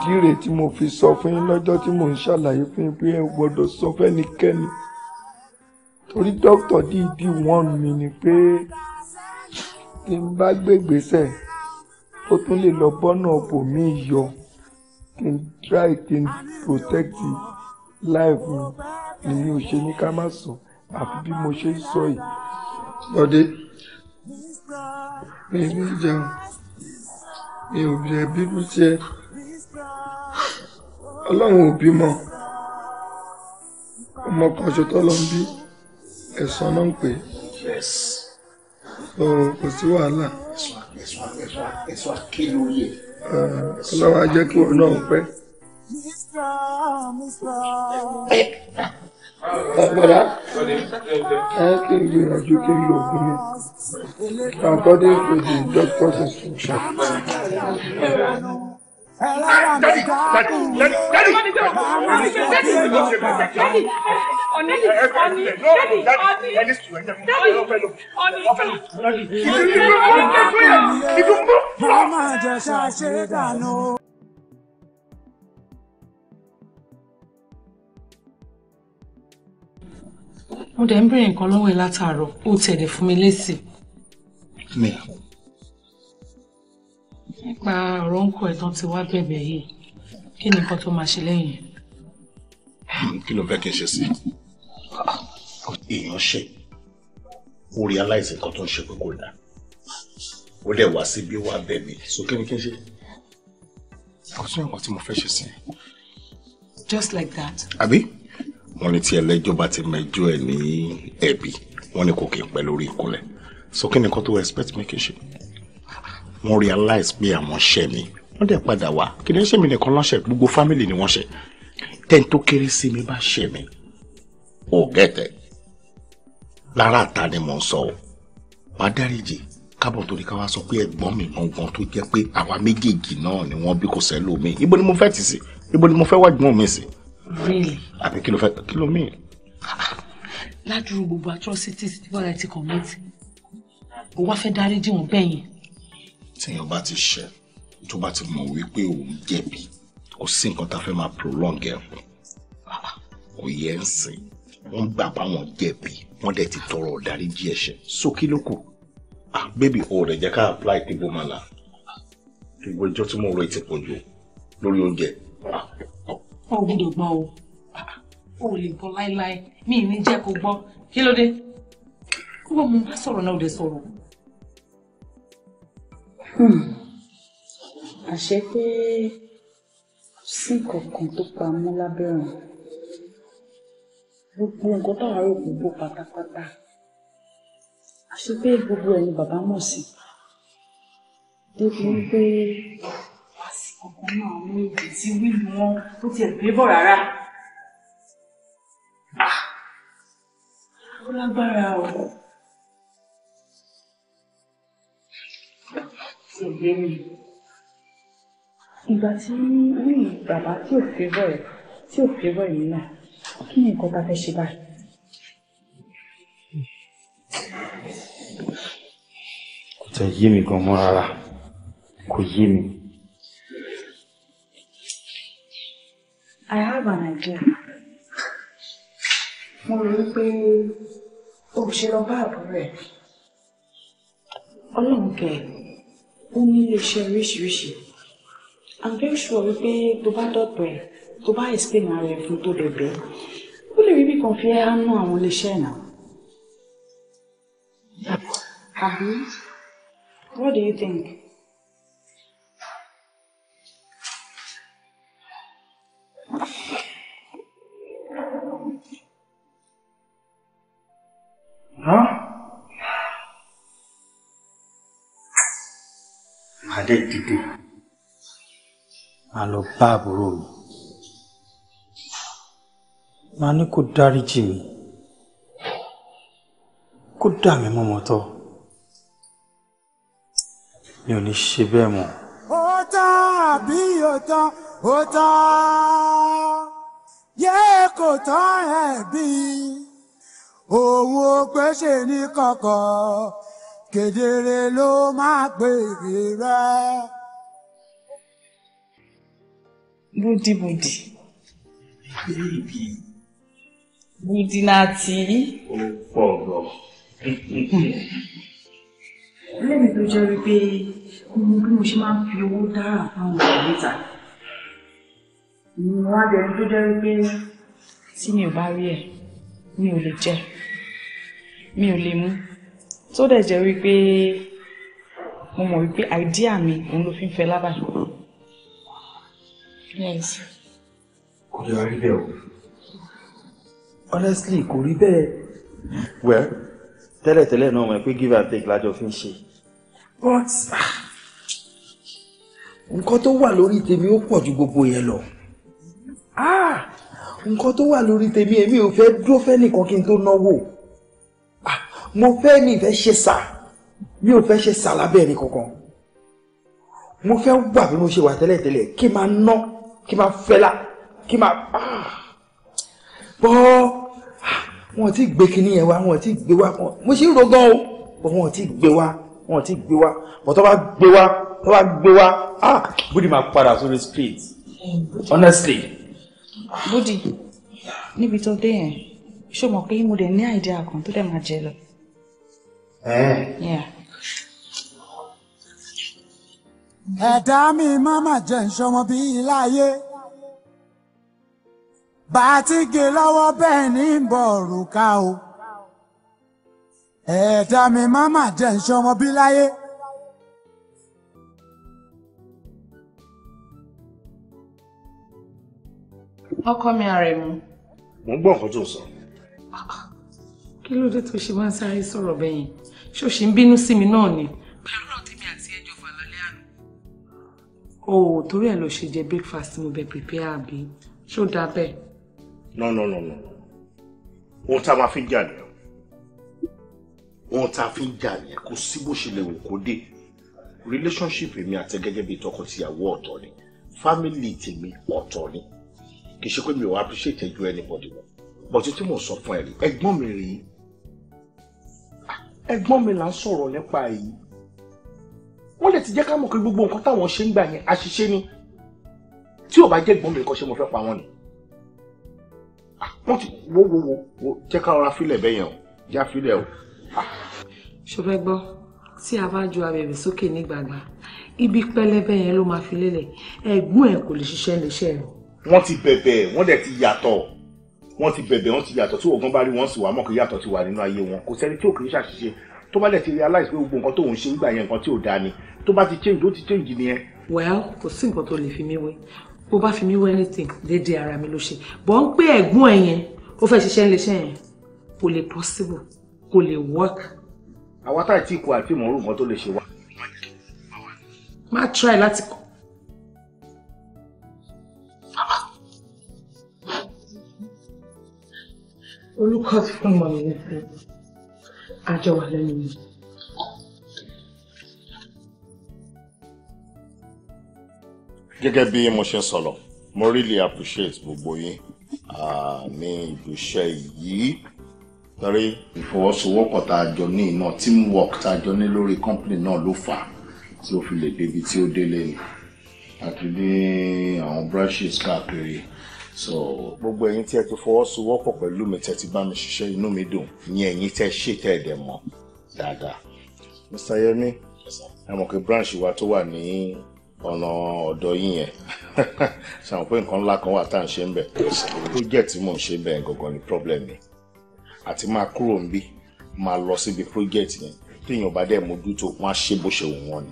kíre tí mo fi sọ fún yín lọ́jọ́ tí mo ń ṣàlàyé fún yín pé ẹ gbọ́dọ̀ sọ fẹ́nikẹ́ni torí dókítà dídí wọ́n mi ni pé tí n bá gbégbèsè ó tún lè lọ bọ́nà ọ̀pọ̀ mi yọ kí n try kí n protect life mi ni mi ò ṣe ní ká má sọ àfi bí mo ṣe ń sọ yìí baby, ní jẹun mi ò bí ẹbí ló jẹ ọlọ́run ò bímọ ọmọ kan ṣe tọ́lọ́ ń bí ẹ̀sán náà ń pè so kò sí wàhálà. ọlọ́run á jẹ́ kí wọn náà pẹ́. Ẹgbẹ́dá ẹ kí n gbìyànjú kí n lo oògùn mi according to the doctor's instruction. Daddy, daddy, daddy, daddy, daddy, daddy, Oni, Oni, Daddy, Oni, Daddy, Oni, Daddy, Oni, Daddy, mo dẹ̀ ń bèrè nǹkan lọ́wọ́ ẹ látàárọ̀ o tẹ̀lé fún mi lésì. mira. nípa ọ̀rọ̀ ń kọ ẹ̀tàn tí wàá bẹ̀bẹ̀ yìí kí ni nǹkan tó máa ṣe lẹ́yìn. Hmm, kí ló fẹ́ kí n ṣe sí i èèyàn ṣe ó realize nǹkan tó ń ṣe pé kò dáa ó dẹ̀ wá sí bí wàá bẹ̀ mí so kí ni kí n ṣe. kò sí tí mo fẹ́ ṣe sí i. just like that. àbí wọ́n ní tí ẹlẹ́jọ́ bá ti mẹjọ́ ẹ̀ ní ẹ̀bi wọ́n ní kò kí n pẹ́ lórí ìkúnlẹ̀ so kí ni kan tó expect mi kì í ṣe wọ́n realize pé àwọn ṣẹ́ mi wọ́n dẹ̀ padà wá kì ní ṣe mi nìkan lọ́ṣẹ̀ gbogbo family ni wọ́n ṣẹ̀ tẹ́ni tó kéré sí mi bá ṣẹ̀ mi ò gẹ̀tẹ̀ lára àta ni mò ń sọ ọ́ má dáríjì kábọ̀ torí ká wá sọ pé ẹ̀gbọ́n mi gangan tó jẹ́ pé àwa méjèèjì náà ni wọ́n bí kò sẹ́lómi ibo ni mo fẹ́ tì sí ibo ni mo fẹ́ wá gbọ́n mi sí. Really? Àbí kí ló fẹ́ kí ló mean? Ládùúrú gbogbo atrocities tí Bọ́lá ti commit. Ó wá fẹ́ dáríjì wọn bẹ́ẹ̀ yẹn. Téèyàn bá ti ṣẹ̀, tó bá ti mọ̀ wípé òun jẹ̀bi, kò sí nǹkan tá a fẹ́ máa prolong ẹ̀ fún. Kò yẹ ń sìn. Wọ́n gbà báwọn jẹ̀bi, wọ́n dẹ̀ ti tọrọ ìdáríjì ẹ̀ṣẹ̀. So kí ló kù? Ah bébì o rẹ̀ jẹ́ ká apply kí gbó máa là. Gbogbo ìjọ tí mo rọ ti pọ̀ jù lórí oúnjẹ. Ah o ò gbọ́dọ̀ gbọ́ o o ò lè gbọ́ láéláé mi ì ní jẹ́ kó gbọ́ kí ló dé wọ́n mo bá sọ̀rọ̀ náà ò dé sọ̀rọ̀. Hmm. àṣé pé sí kankan tó pamọ́ lábẹ́ ọ̀run gbogbo nǹkan tó àárò gbogbo pátápátá àṣé pé gbogbo ẹ̀yin bàbá mọ̀ sí débi wípé ọ̀kan ah, ìgbà tí wíìlì bàbá tí ò fẹ́ bọ̀ rẹ̀ tí ò fẹ́ bọ̀ yìí náà kí ni nǹkan tá fẹ́ ṣe báyìí? kò tẹ̀ yé mi gan mọ́ rárá kò yé mi. I have an idea. Mo rò ó pé o ṣe lọ bá àbúrò ẹ̀. Ọlọ́run ó ní iléeṣẹ́ oríṣiríṣi. I'm very sure wípé tó bá dọ̀tọ̀ ẹ̀, tó bá explain ara ẹ̀ fún tó bẹ̀bẹ̀, ó lè rí bí kan fi ẹ́ hánú àwọn iléeṣẹ́ náà. Àbí, what do you think? màá dẹ̀ dìde màá lọ bá àbúrò mi màá ní kó dáríjì mi kó dà mí mọ́mọ́ tọ́ mi ò ní ṣe bẹ́ẹ̀ mọ́. ó tán àbí ó tán ó tán yé kò tán ẹ̀ bí òun ò gbéṣe ní kọ̀kọ̀ kedere ló máa gbèrè rẹ. búdìbúdì búdì náà tí. ó pọ̀ gan. lẹ́mi tó jẹ́ wípé mo bí mo ṣe máa ń fi owó dára fáwọn ọ̀rẹ́ níta mo wá lẹ́ni tó jẹ́ wípé tí mi ò bá rí ẹ̀ mi ò lè jẹ mi ò lè mú tó dẹ̀ jẹ́ wípé mo mọ̀ wípé àìdíà mi òun ló fi ń fẹ́ lábàá. kò lè rí bẹ́ẹ̀ o honestly kò rí bẹ́ẹ̀. well tẹ́lẹ̀tẹ́lẹ̀ náà mọ̀ pé give and take lájọ fi ń ṣe. but ah, nǹkan tó wà lórí tèmi ó pọ̀ ju gbogbo yẹn lọ ah, nǹkan tó wà lórí tèmi èmi ò fẹ́ dúró fẹ́ nìkan kí n tó náwó mo fẹ́ ní ìfẹ́ ṣe sà mi ò fẹ́ ṣe sà lábẹ́ ẹni kankan mo fẹ́ wà bí mo ṣe wà tẹ́lẹ̀tẹ́lẹ̀ kí n máa ná kí n máa fẹ́lá kí n máa ah. bọ́ ah, wọn ti gbé kinní yẹn wá wọn ti gbé wá mo ṣì ń ro gan o wọn ti gbé wá wọn ti gbé wá bọ́ tó bá gbé wá tó bá gbé wá ah, búdi máa padà sórí street honestly. búdi níbi tó dé yẹn ṣó mọ̀ pé mo dẹ̀ ní àìdíà kan tó dẹ̀ máa jẹ lọ. Eh. Yeah. Ẹ̀dá mi má má jẹ́ ìṣọmọ bí iláyé. Bá a ti gé lọ́wọ́ bẹ́ẹ̀ ní bọ̀ òrùka o. Ẹ̀dá mi má má jẹ́ ìṣọmọ bí láyé. Ọkọ mi Àrẹ̀mú. Mo ń gbọ́ nǹkan tó sọ. Kí ló dé tó ṣe máa ń sáré sọ̀rọ̀ bẹ́yìn? ṣòṣì ń bínú sí mi náà ni. pẹ̀lú ọ̀rọ̀ tèmi àti ẹjọ́ falálẹ́ àná. o ò torí ẹ̀ ló ṣe jẹ breakfast mo bẹ̀ prepare àbí ṣó dáa bẹ́ẹ̀. no no no no ohun tá a máa fi jà nìyẹn ohun tá a fi jà nìyẹn kò sí bó ṣe lè wò kó dé relationship èmi àti gẹ́gẹ́ bíi tọkọtìyàwó ọ̀tọ̀ ni family tèmi ọ̀tọ̀ ni kì í ṣe pé mi ò appreciate ẹjọ́ anybody wọn bọ̀tí tí mo sọ fún ẹ rí ẹgbọ́n mi rèé ẹ̀gbọ́n mi là ń sọ̀rọ̀ nípa èyí wọ́n lè ti jẹ́ ká mọ̀ pé gbogbo nǹkan táwọn ṣe ń gbà yẹn àṣìṣe ni tí ò bá jẹ́ ẹ̀gbọ́n mi nǹkan ṣe mo fẹ́ pa wọ́n ni wọ́n ti wo wo wo jẹ́ ká rọra fílẹ̀ bẹ́yẹn o já fílẹ̀ o. ṣùgbọ́n gbọ́ tí a bá ju abẹ̀bẹ̀ sókè ní gbàgbà ibi pẹlẹbẹ yẹn ló máa fi lélẹ̀ ẹ̀gbọ́n ẹ̀ kò lè ṣiṣẹ́ níṣẹ́ rẹ̀. wọ́n ti bẹ̀bẹ̀ wọ́n dẹ̀ ti yàtọ̀ wọ́n ti bẹ̀bẹ̀ wọ́n ti yàtọ̀ tí ògùn bá rí wọ́n sì wà mọ̀ kó yàtọ̀ ti wà nínú ayé wọn kò sẹ́ni tí ò kì í ṣàṣìṣe tó bá dẹ̀ ti realize pé gbogbo nǹkan tóun ṣe ń yẹn nǹkan tí ò dáa ni tó bá ti change ó ti change nìyẹn. well kò sí nǹkan tó lè fi mí wé bó bá fi mí wé anything déédéé ara mi ló ṣe bọ́ ń pé ẹ̀gbọ́n ẹ̀ yẹn ó fẹ́ ṣiṣẹ́ ńlẹṣẹ́ yẹn kò lè possible kò lè work. àwa táì tí ikú àti ìmọ̀ràn nǹkan tó lè ṣe try láti kọ́ olùkọ́ ti fún mọ̀ mi nípa àjọ wà lẹ́nu mi. gẹ́gẹ́ bí mo ṣe ń sọ̀rọ̀ mo really appreciate gbogbo yín ní ìdúṣẹ́ yìí torí ìfọwọ́sowọ́pọ̀ tá a jọ ní iná teamwork tá a jọ ní lórí company náà ló fà á tí ó fi lè débi tí ó délé ni àti ní àwọn branches káàkiri so gbogbo ẹ̀yin tí ẹ ti fọwọ́sowọ́pọ̀ pẹ̀lú mi tẹ́ ti bá mi ṣiṣẹ́ inú mi dùn ní ẹ̀yin tẹ́ ṣe tẹ́ ẹ̀dẹ̀ mọ́ dáadáa Mr. Yemi ẹ mọ̀ pé branch wa tó wà ní ọ̀nà ọ̀dọ̀ yín yẹn ṣàwọn pé nǹkan ńlá kan wà tá à ń ṣe ń bẹ̀ project tí mò ń ṣe bẹ̀ gangan ni problem mi àti máa kúrò ń bí máa lọ síbi project yẹn téèyàn bá dẹ̀ mójútó wọn á ṣe bó ṣe wù wọ́n ni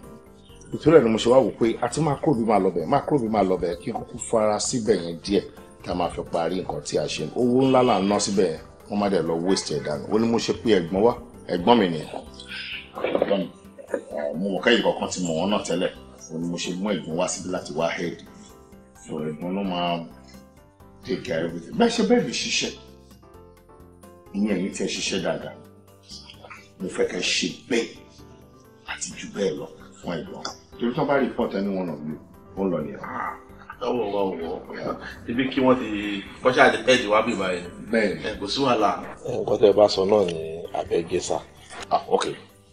ìtúrẹ̀ ni mo ṣe wá wò pé àti máa kúrò bí máa lọ bẹ̀ máa kúrò bí máa lọ bẹ̀ kí n kúkú fara síbẹ̀ yẹn díẹ̀ ká máa fi parí nǹkan tí a ṣe owó ńlá là ń ná síbẹ̀ wọ́n má dẹ̀ lọ waste ẹ̀ dànù ó ní mo ṣe pé ẹ̀gbọ́n wá ẹ̀gbọ́n mi nìyẹn mo mọ̀ kẹ́yìn kankan ti mọ̀ wọ́n náà tẹ́lẹ̀ ó ní mo ṣe mú ẹ̀gbọ́n wá síbi láti wá head so ẹ̀gbọ́n ló máa take care of everything bẹ́ẹ̀ ṣe bẹ́ẹ̀ lè ṣiṣẹ́ ìyẹn ẹ̀yìn tí ẹ ṣiṣẹ́ dáadáa mo fẹ́ kẹ́ ṣe bẹ́ẹ̀ àti jù bẹ́ẹ̀ lọ fún ẹ̀gbọ́n torí tó bá report anyone of you ó ọwọ ọwọ ọwọ ibi kí wọn ti kọṣà àti ẹjì wá bí báyìí bẹ́ẹ̀ kò sí wàhálà. nǹkan tẹ́ ẹ bá sọ náà ni àbẹ́gẹ́sà. ah ok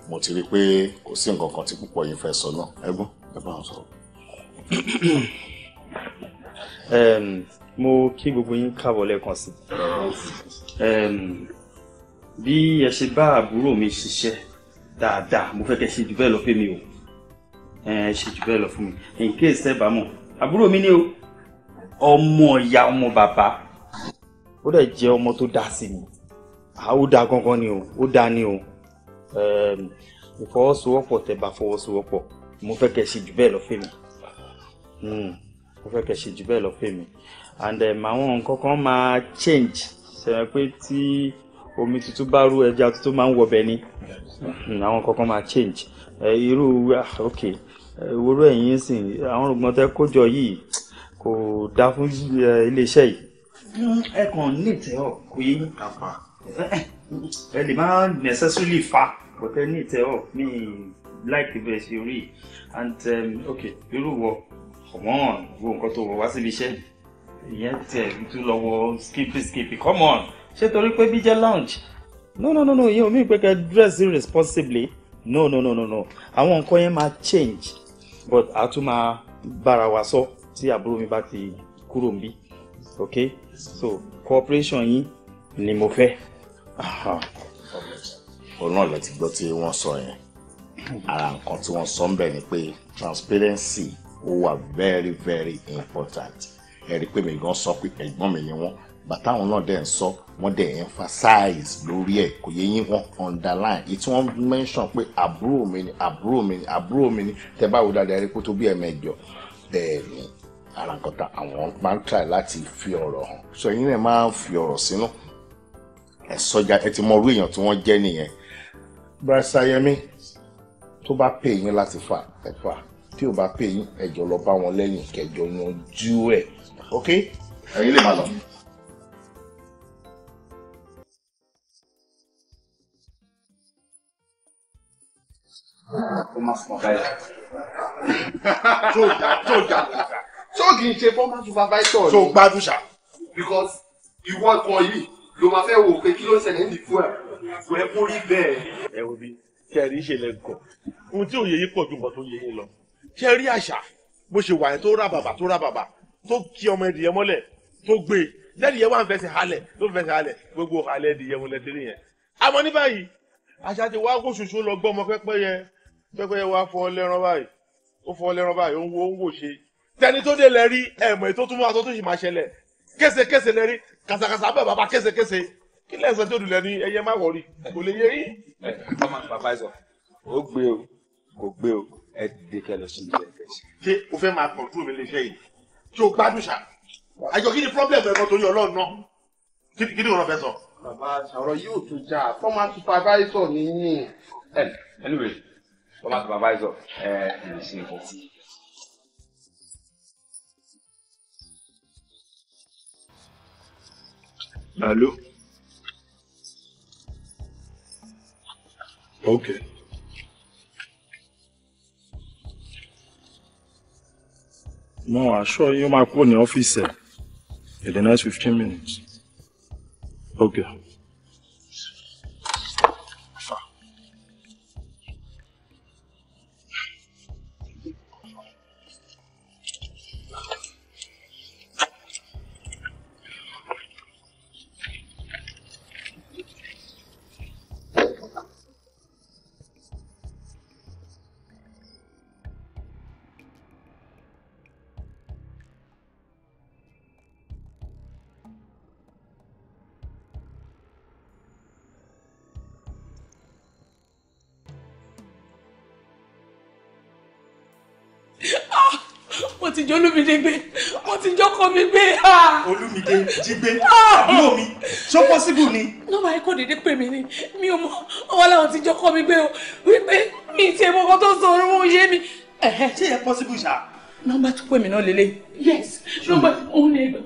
mo ti rí i pé kò sí nǹkan kan tí púpọ̀ yìí fẹ́ sọ náà ẹ ẹ bá wọn sọ̀rọ̀. mo kí gbogbo yín káàbọ̀ lẹ́ẹ̀kan sí bí ẹ ṣe bá àbúrò mi ṣiṣẹ́ dáadáa mo fẹ́ kẹ́ ṣe jù bẹ́ẹ̀ lọ fún mi o ẹ ṣe jù bẹ́ẹ̀ lọ fún mi in case tẹ́ bá mọ̀ àbúrò mi ni o ọmọ ìyá ọmọ bàbá ó dẹ̀ jẹ́ ọmọ tó dá sí mi ó dá gangan ni o ó dá ni o ìfọwọ́sowọ́pọ̀ tẹ́ bá fọwọ́sowọ́pọ̀ mo fẹ́ kẹ́ ṣe jù bẹ́ẹ̀ lọ fẹ́ mi hmm, mo fẹ́ kẹ́ ṣe jù bẹ́ẹ̀ lọ fẹ́ mi and àwọn nǹkan kan máa change ṣẹlẹ̀ pé tí omi tuntun bá rú ẹja tuntun máa ń wọbẹ̀ ni hmm, àwọn nǹkan kan máa change irú ah, ok ìwúrú ẹ̀yìn sìn àwọn ògbọ́n tẹ́ kójọ yìí kò dáa fún iléeṣẹ́ yìí. ẹ kàn ní ìtẹ́ ọ̀ kò yé yín ẹ lè má necessarily fa kò tẹ́ ní ìtẹ́ ọ̀ ní láìpẹ́ bẹ́ẹ̀ ṣe rí and um, ok irú wọ come on wo nǹkan tó wọ wá síbi iṣẹ́ ìyẹn tiẹ̀ tún lọ wọ skippy skippy come on ṣé torí pé bí lounge no no no no ìyẹn omi ìpẹ́kẹ́ dress irresponsibly no no no no no àwọn nǹkan yẹn máa change but a tún máa bára wa sọ tí àbúrò mi bá ti kúrò níbí ok so cooperation yín ni mo fẹ́. òun náà lè ti gbọ́ tí wọ́n sọ yẹn ara nǹkan tí wọ́n sọ ń bẹ̀ ni pé transparency ó wà very very important ẹ̀rí pé mi gan sọ pé ẹ̀gbọ́n mi ni wọ́n bàtà àwọn náà dẹ̀ ń sọ wọ́n dẹ̀ emphasize lórí ẹ̀ kò yẹ yín wọ́n underline ètí wọ́n mention pé àbúrò mi ni àbúrò mi ni àbúrò mi ni tẹ́ bá wò dáadáa rí kó tó bí ẹ̀mẹjọ bẹ́ẹ̀ ni ara àwọn máa ń try láti fi ọ̀rọ̀ hàn so ẹ̀yin náà máa ń fi ọ̀rọ̀ sínú ẹ̀ sọ́jà ẹ ti mọ orú èèyàn tí wọ́n jẹ́ nìyẹn brasa yẹmi tó bá pè yín láti fà ẹ fà tí ò bá pè yín ẹ lọ bá wọn lẹ́yìn kẹjọ yanjú ẹ̀ ok ẹ̀yin lè má lọ. Former supervisor. so kì ṣe former supervisor. So gbádùn Because ìwọ kan yìí ló máa fẹ́ wò pé kí ló ń ṣẹlẹ̀ ní ìfú ẹ̀ kò ẹ kó rí bẹ́ẹ̀. Ẹ wo bí kẹrin ìṣẹ̀lẹ̀ nǹkan ohun tí òye yìí pọ̀ ju nǹkan tó yẹ yín lọ. Ṣé rí àṣà bó ṣe wà yẹn tó rà bàbà tó rà bàbà tó kí ọmọ ẹdìyẹ mọ́lẹ̀ tó gbé e lẹ́dìí yẹn wà ń fẹsẹ̀ halẹ̀ ló fẹsẹ̀ halẹ̀ gbogbo halẹ̀ ẹdìyẹ mọ́lẹ̀ tẹ́lẹ̀ yẹn. Àmọ́ ní báyìí àṣà ti wá kó lọ gbọ́ ọmọ pẹ́pẹ́ yẹn pẹ́pẹ́yẹ wa fọ lẹ́ran báyìí ó fọ lẹ́ran báyìí ó ń wò ṣe tẹni tó dé lẹ́rí ẹ̀mọ̀ ètò tó tó tó yìí máa ṣẹlẹ̀ késekése lẹ́rí kàsàkàsà bẹ́ẹ̀ bàbá késekése kí lẹ́sẹ̀ tó dùn lẹ́ni ẹyẹ má wọ̀rí kò lè yé yín. ó gbé o kò gbé o ẹ dìde kẹ lọ sí ilé ẹ ṣe o fẹ́ máa kọ̀ọ̀tù mi léṣẹ́ yìí tí o gbádùn ṣá àjọ kí ni pírọ́blẹ̀mù ẹ̀kan torí ọlọ́run náà kí ni òun fẹ́ sọ. bàbá àṣà ọ̀rọ̀ yóò tún jà fọ́ọ̀mù àtúfà báyìí sọ nìyí. anyway bàbá supervisor ẹ ẹ lè ṣe nǹkan sí. Allô? Ok. No, I'm sure you might call in the office in the next 15 minutes. Okay. ti jẹ́ olúmídé gbé mo ti jọ́kọ́ mi gbé. olúmídé jí gbé yóò ah! mi so possible ni. nọ́mbà yìí kò déédéé pè mí ni mi ò mọ ọwọ́ làwọn ti jọ́kọ́ mi gbé o wípé mi ti ẹ̀ mọ́kàn tó sọ orí wọn yé mi. ṣé yẹ possible ṣá. nọ́mbà tó pè mí náà lélẹ̀ yes nọ́mbà òun lè gbà.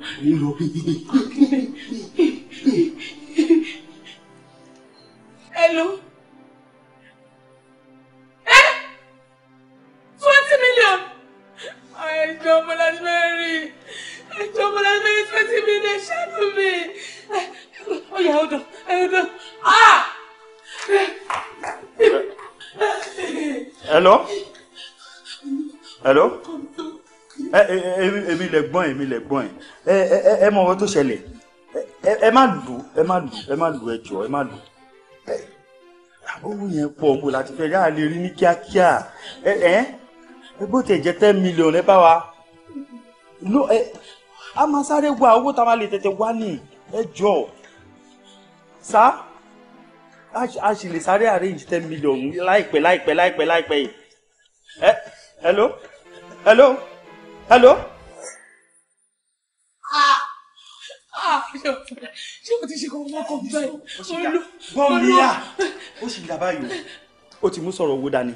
lẹ̀gbọ́n ẹ̀ mi lẹ̀gbọ́n ẹ̀ ẹ ẹ ẹ mọ ohun tó ṣẹlẹ̀ ẹ má lù ẹ má lù ẹ má lù ẹ jọ ẹ má lù ẹ owó yẹn pọ̀ mo láti fẹ́ yára lè rí ní kíákíá ẹ ẹ ẹ bó tẹ̀ jẹ́ ten million ẹ bá wa ló ẹ a máa sáré wá owó tá a máa lè tètè wá ní ẹ jọ sá a sì lè sáré arrange ten million láìpẹ́ láìpẹ́ láìpẹ́ láìpẹ́ yìí ẹ hello hello hello. ṣé o ti ṣe kọ́ ọmọ kan bẹ́ẹ̀ olú bọ́ọ̀lìyà ó sì dà báyìí o ó ti mú sọ̀rọ̀ owó dání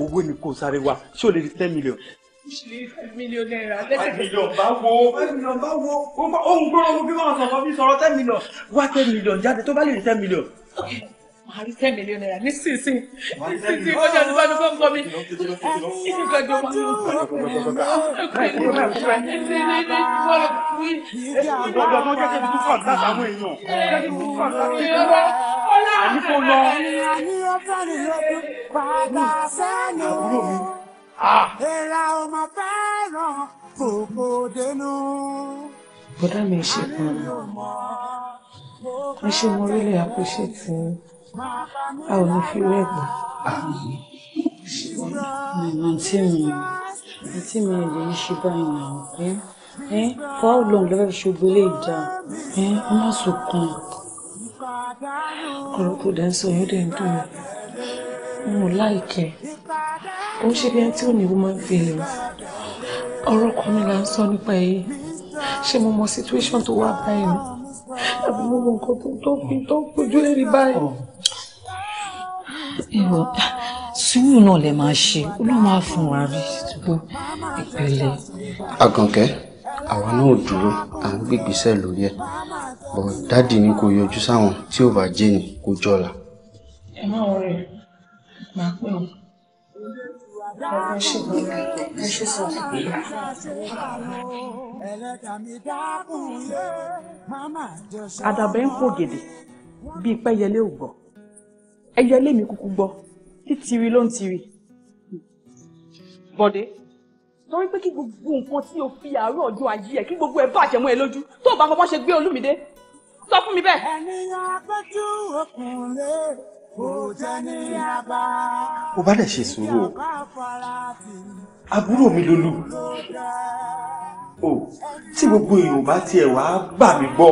owó ni kò sáré wa ṣé o lè rí ten million. mo ṣe lè rí five million naira lẹ́sẹ̀. five million bá wo five million bá wo ohun gbọ́dọ̀ mo bí wọ́n sọ̀rọ̀ bí sọ̀rọ̀ ten million wá ten million jáde tó bá lè rí ten million. Okay màá rí ten million naira nísinsìnyí nísinsìnyí ó jẹ́ àdúgbò àdúgbò ń kọ́ mi ìfúnpẹ́ jọ máa ń lọ. Èrà ọmọ fẹ́ràn kòkó dénú. Bọ́dá mi ṣe kan. Ẹ ṣe mo rí lè appreciate yín a ò ní fi rí ẹ̀gbọ́n àǹtí mi àǹtí mi lè ń ṣe báyìí nà ó pé for how long lọ́wọ́ fi ṣogbo lè dá ẹ má sunkún ọ̀rọ̀ kò dá sọ yóò dẹ̀ ń dùn mí mo láìkẹ́ ó ń ṣe bí ẹni tí ò ní woman feelings ọ̀rọ̀ kan mi là ń sọ nípa èyí ṣé mo mọ situation tó wà báyìí ni àbí mo mọ nǹkan tó ń fojú lérí báyìí ìwọ sùúrù náà lè máa ṣe olóhùn á fún wa rí ṣùgbọ́n ìpele. àkànkẹ́ àwa náà ò dúró à ń gbégbèsẹ̀ lórí ẹ̀ bọ̀ dáàdì ni kò yọjú sáwọn tí ò bá jẹ́ ni kò jọ̀la. ẹ má wọrẹ máa pẹ́ o. àdàbẹ̀ ń fò gèdè bíi pẹ́yẹlé ò gbọ́ ẹyọ ilé mi kúkú gbọ́ títiri ló ń tiri. bọ́dé torí pé kí gbogbo nǹkan tí o fi àárọ̀ ọjọ́ ayé ẹ̀ kí gbogbo ẹ̀ bàjẹ́ mọ́ ẹ lójú tó o bá fọwọ́ ṣe gbé olúmídé sọ fún mi bẹ́ẹ̀. ẹni apẹ́jú ọkùnrin kò jẹ́ ní abá. o bá lè ṣe sùúrù o àbúrò mi lolú o tí gbogbo èèyàn bá tiẹ̀ wá gbà mí gbọ́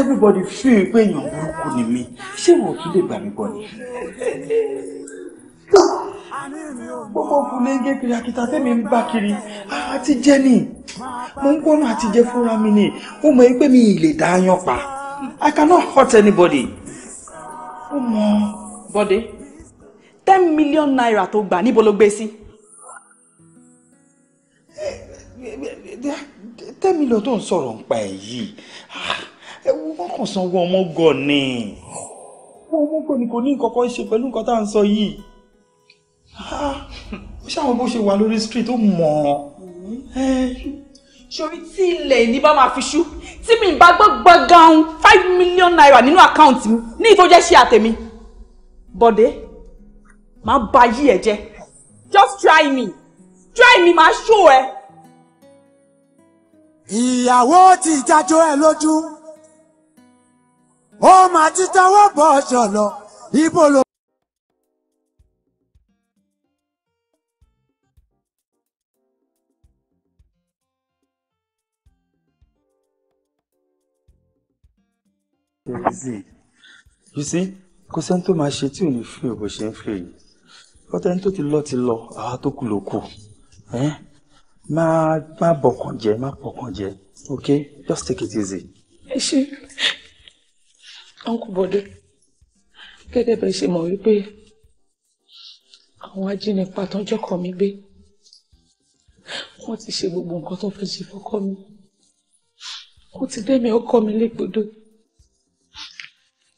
everybody feel pé èèyàn burúkú ni mí ṣé wọn ò tún lè gbà mí gbọ́ ni. gbogbo kùlẹ́ńgé kiri akíta tẹ́mi ń bá kiri àti jẹ́ ni mo ń gbọ́nà àti jẹ́ fúnra mi ni ó mọ̀ pé mi ì lè dá yan pa I cannot hurt anybody. ó mọ bọ́dé ten million naira tó gbà níbo ló gbé sí. Eh, eh, eh, ten million tó ń sọ̀rọ̀ ń pa ẹ̀ yìí. Ah ẹ wo wọn kàn sanwó ọmọgọ ni wọn ọmọgọ ni kò ní nǹkan kan ṣe pẹ̀lú nǹkan tá à ń sọ yìí ó ṣàwọn bó ṣe wà lórí street ó mọ̀ ọ́. sori tí ilẹ̀ ìní bá máa fi ṣú tí mi bá gbọ́ gbọ̀ngàn five million naira nínú àkáǹtì mi ní ìtọ́jẹ́ ṣe àtẹ̀mí bọ̀dé máa ba yí ẹ̀ jẹ́ just try me try me máa ṣó ẹ. ìyàwó ti jájọ ẹ lójú ó máa ti tọwọ́ bọ̀ ṣọ̀lọ̀ ibo ló. you see kò sẹ́ni tó máa ṣe tí ò ní fi òbò ṣe ń fi èyí ọtẹni ti lọ ti lọ àwa tó kù ló kù má má bọkàn jẹ́ má bọkàn jẹ́ okay just take it easy. ẹ ṣe uncle Bọ̀dé gẹ́gẹ́ bẹ́ẹ̀ ṣe mọ̀ wípé àwọn ajínipa tó ń jọ́kọ mi gbé wọ́n ti ṣe gbogbo nǹkan tó fẹ́ ṣe fọ́kọ mi wọ́n ti dẹ́mi ọkọ mi légbodò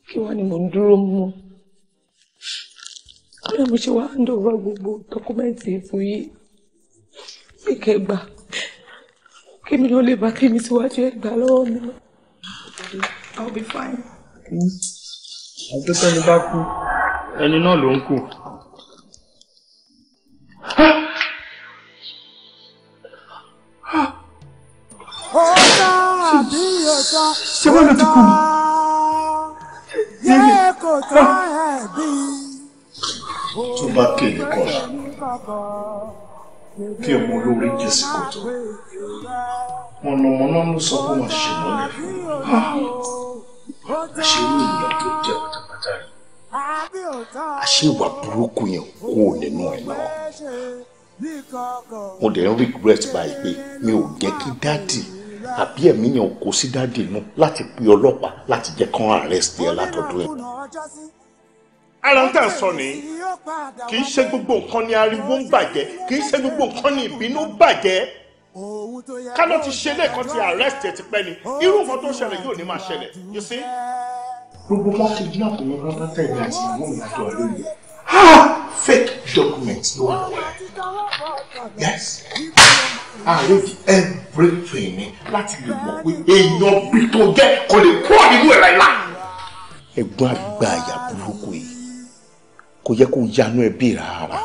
kí wọ́n ní mò ń dúró mú bóyá mo ṣe wá ń dọ̀rọ̀ gbogbo dọ́kúmẹ́ǹtì fún yìí mi kẹgbà kí mi ló lè bá kí mi síwájú ẹgbàá lọ́wọ́ mi lọ. I'll be fine kú àti tẹ́ni bá kú ẹni náà ló ń kù. ọ̀tá àbí ti kú ni. yẹ kò tán ẹ̀bí. tó bá kéde kọ́ra kí ọmọ olórí jẹ sí kòtò wọn ló sọ pé wọn ṣèmọlẹ fún un àṣírí ìyá tó jẹ́ pátápátá rẹ̀ àṣìwà burúkú yẹn kú nínú ẹ̀ náà mo dẹ̀ ń regret báyìí pé mi ò jẹ́ kí dáàdì àbí ẹ̀mí yẹn kò sí dáàdì inú láti pe ọlọ́pàá láti jẹ́ kán arrest ẹ látọ̀dọ̀ ẹ̀. ara ń tà sọ ni kì í ṣe gbogbo nǹkan ni ariwo ń bàjẹ́ kì í ṣe gbogbo nǹkan ni ìbínú bàjẹ́ kánò ti ṣe lẹ́ẹ̀kan ti arrest ẹ̀ ti pẹ́ ni irú nǹkan tó ṣẹlẹ̀ yóò ní máa ṣẹlẹ̀ you see. gbogbo wọn ti dín àpò wọn bá tẹ̀lé àti ìwọ mi àjọ lóye fake documents ló wà lọ́wọ́ yes àlejò everything ni láti lè mọ̀ pé èèyàn bí tó jẹ́ kò lè kúrò nínú ẹ̀rẹ́ náà. ẹ̀gbọ́n àgbà àyà burúkú yìí kò yẹ kó yanú ẹbí rárá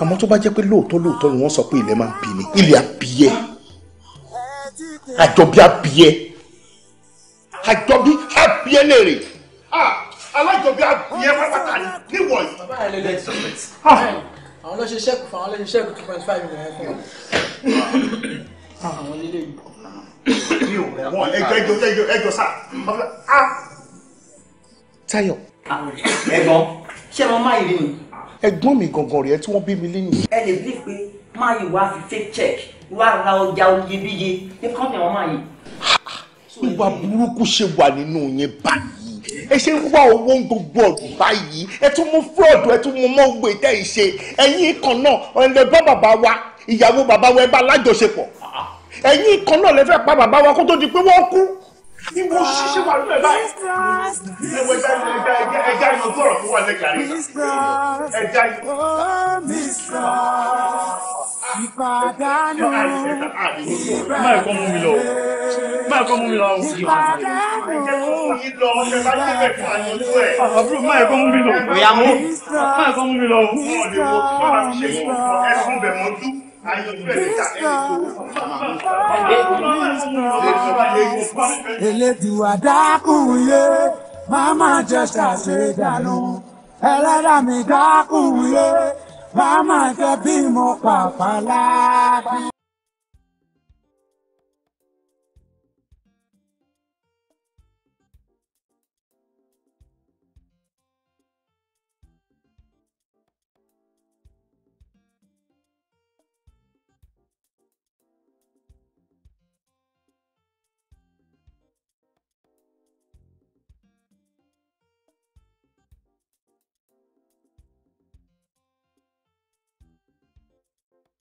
àmọ́ tó bá jẹ́ pé lóòótọ́ lóòótọ́ ni wọ́n sọ pé ilẹ̀ máa ń bì ní ilẹ̀ àbíyẹ àjọbí àbíyẹ àjọbí àbíyẹ lèrè alájọbí àbíyẹ pápákà ní wọ̀nyí. bàbá yẹn lè lè sọ pé àwọn ló ṣe ṣẹ́kù fún àwọn ló ṣe two point five million fún wọn. Ah, àwọn lílé yìí. mi ò rẹ̀ wọ́n ẹjọ́ ẹjọ́ ẹjọ́ ẹjọ́ sá. Táyọ̀. ẹ̀gbọ́n ṣé mo máa yìí ni ẹ̀gbọ́n mi gangan rẹ̀ tí wọ́n bí mi lẹ́yìn. ẹ lè bí pé máa yìí wá fi fake check wá ra ọjà oyebíye ní kọ́ńtà wọn máa yìí. ìwà burúkú ṣe wà nínú yẹn báyìí ẹ ṣe ń wá owó ń gbogbo ọdún báyìí ẹ tún mú fraud ẹ tún mú mọ́gbé tẹ́ ẹ ṣe ẹ̀yin kan náà ọ̀rẹ́ bá bàbá wa ìyàwó bàbá wa ẹ bá lájọṣepọ̀ ah, ah. ẹ̀yin kan náà lè fẹ́ pa bàbá wa kó tó di pé wọ́n kú ní mo ṣiṣẹ́ wà lórí ẹ̀ báyìí. oh, ẹja ẹja ẹja ẹja yóò tọrọ fún wa lẹ́ka rẹ̀. ẹja oh, ìpàdánù máa kọ́ mú mi lọ máa kọ́ mú mi lọ àwọn òsì ọ̀hún. àbúrò máa kọ́ mú mi lọ. òyà mú. máa kọ́ mú mi lọ. ọ̀dẹ̀ wo kí wọ́n máa fi ṣe fún ẹ̀sùn bẹ̀ mọ́jú. Elédùà dákun yé, màmá jẹ́sà ṣe dànù. Ẹlẹ́dàá mi dákun yé, màmá jẹ́ bí mo pàpà láàbí.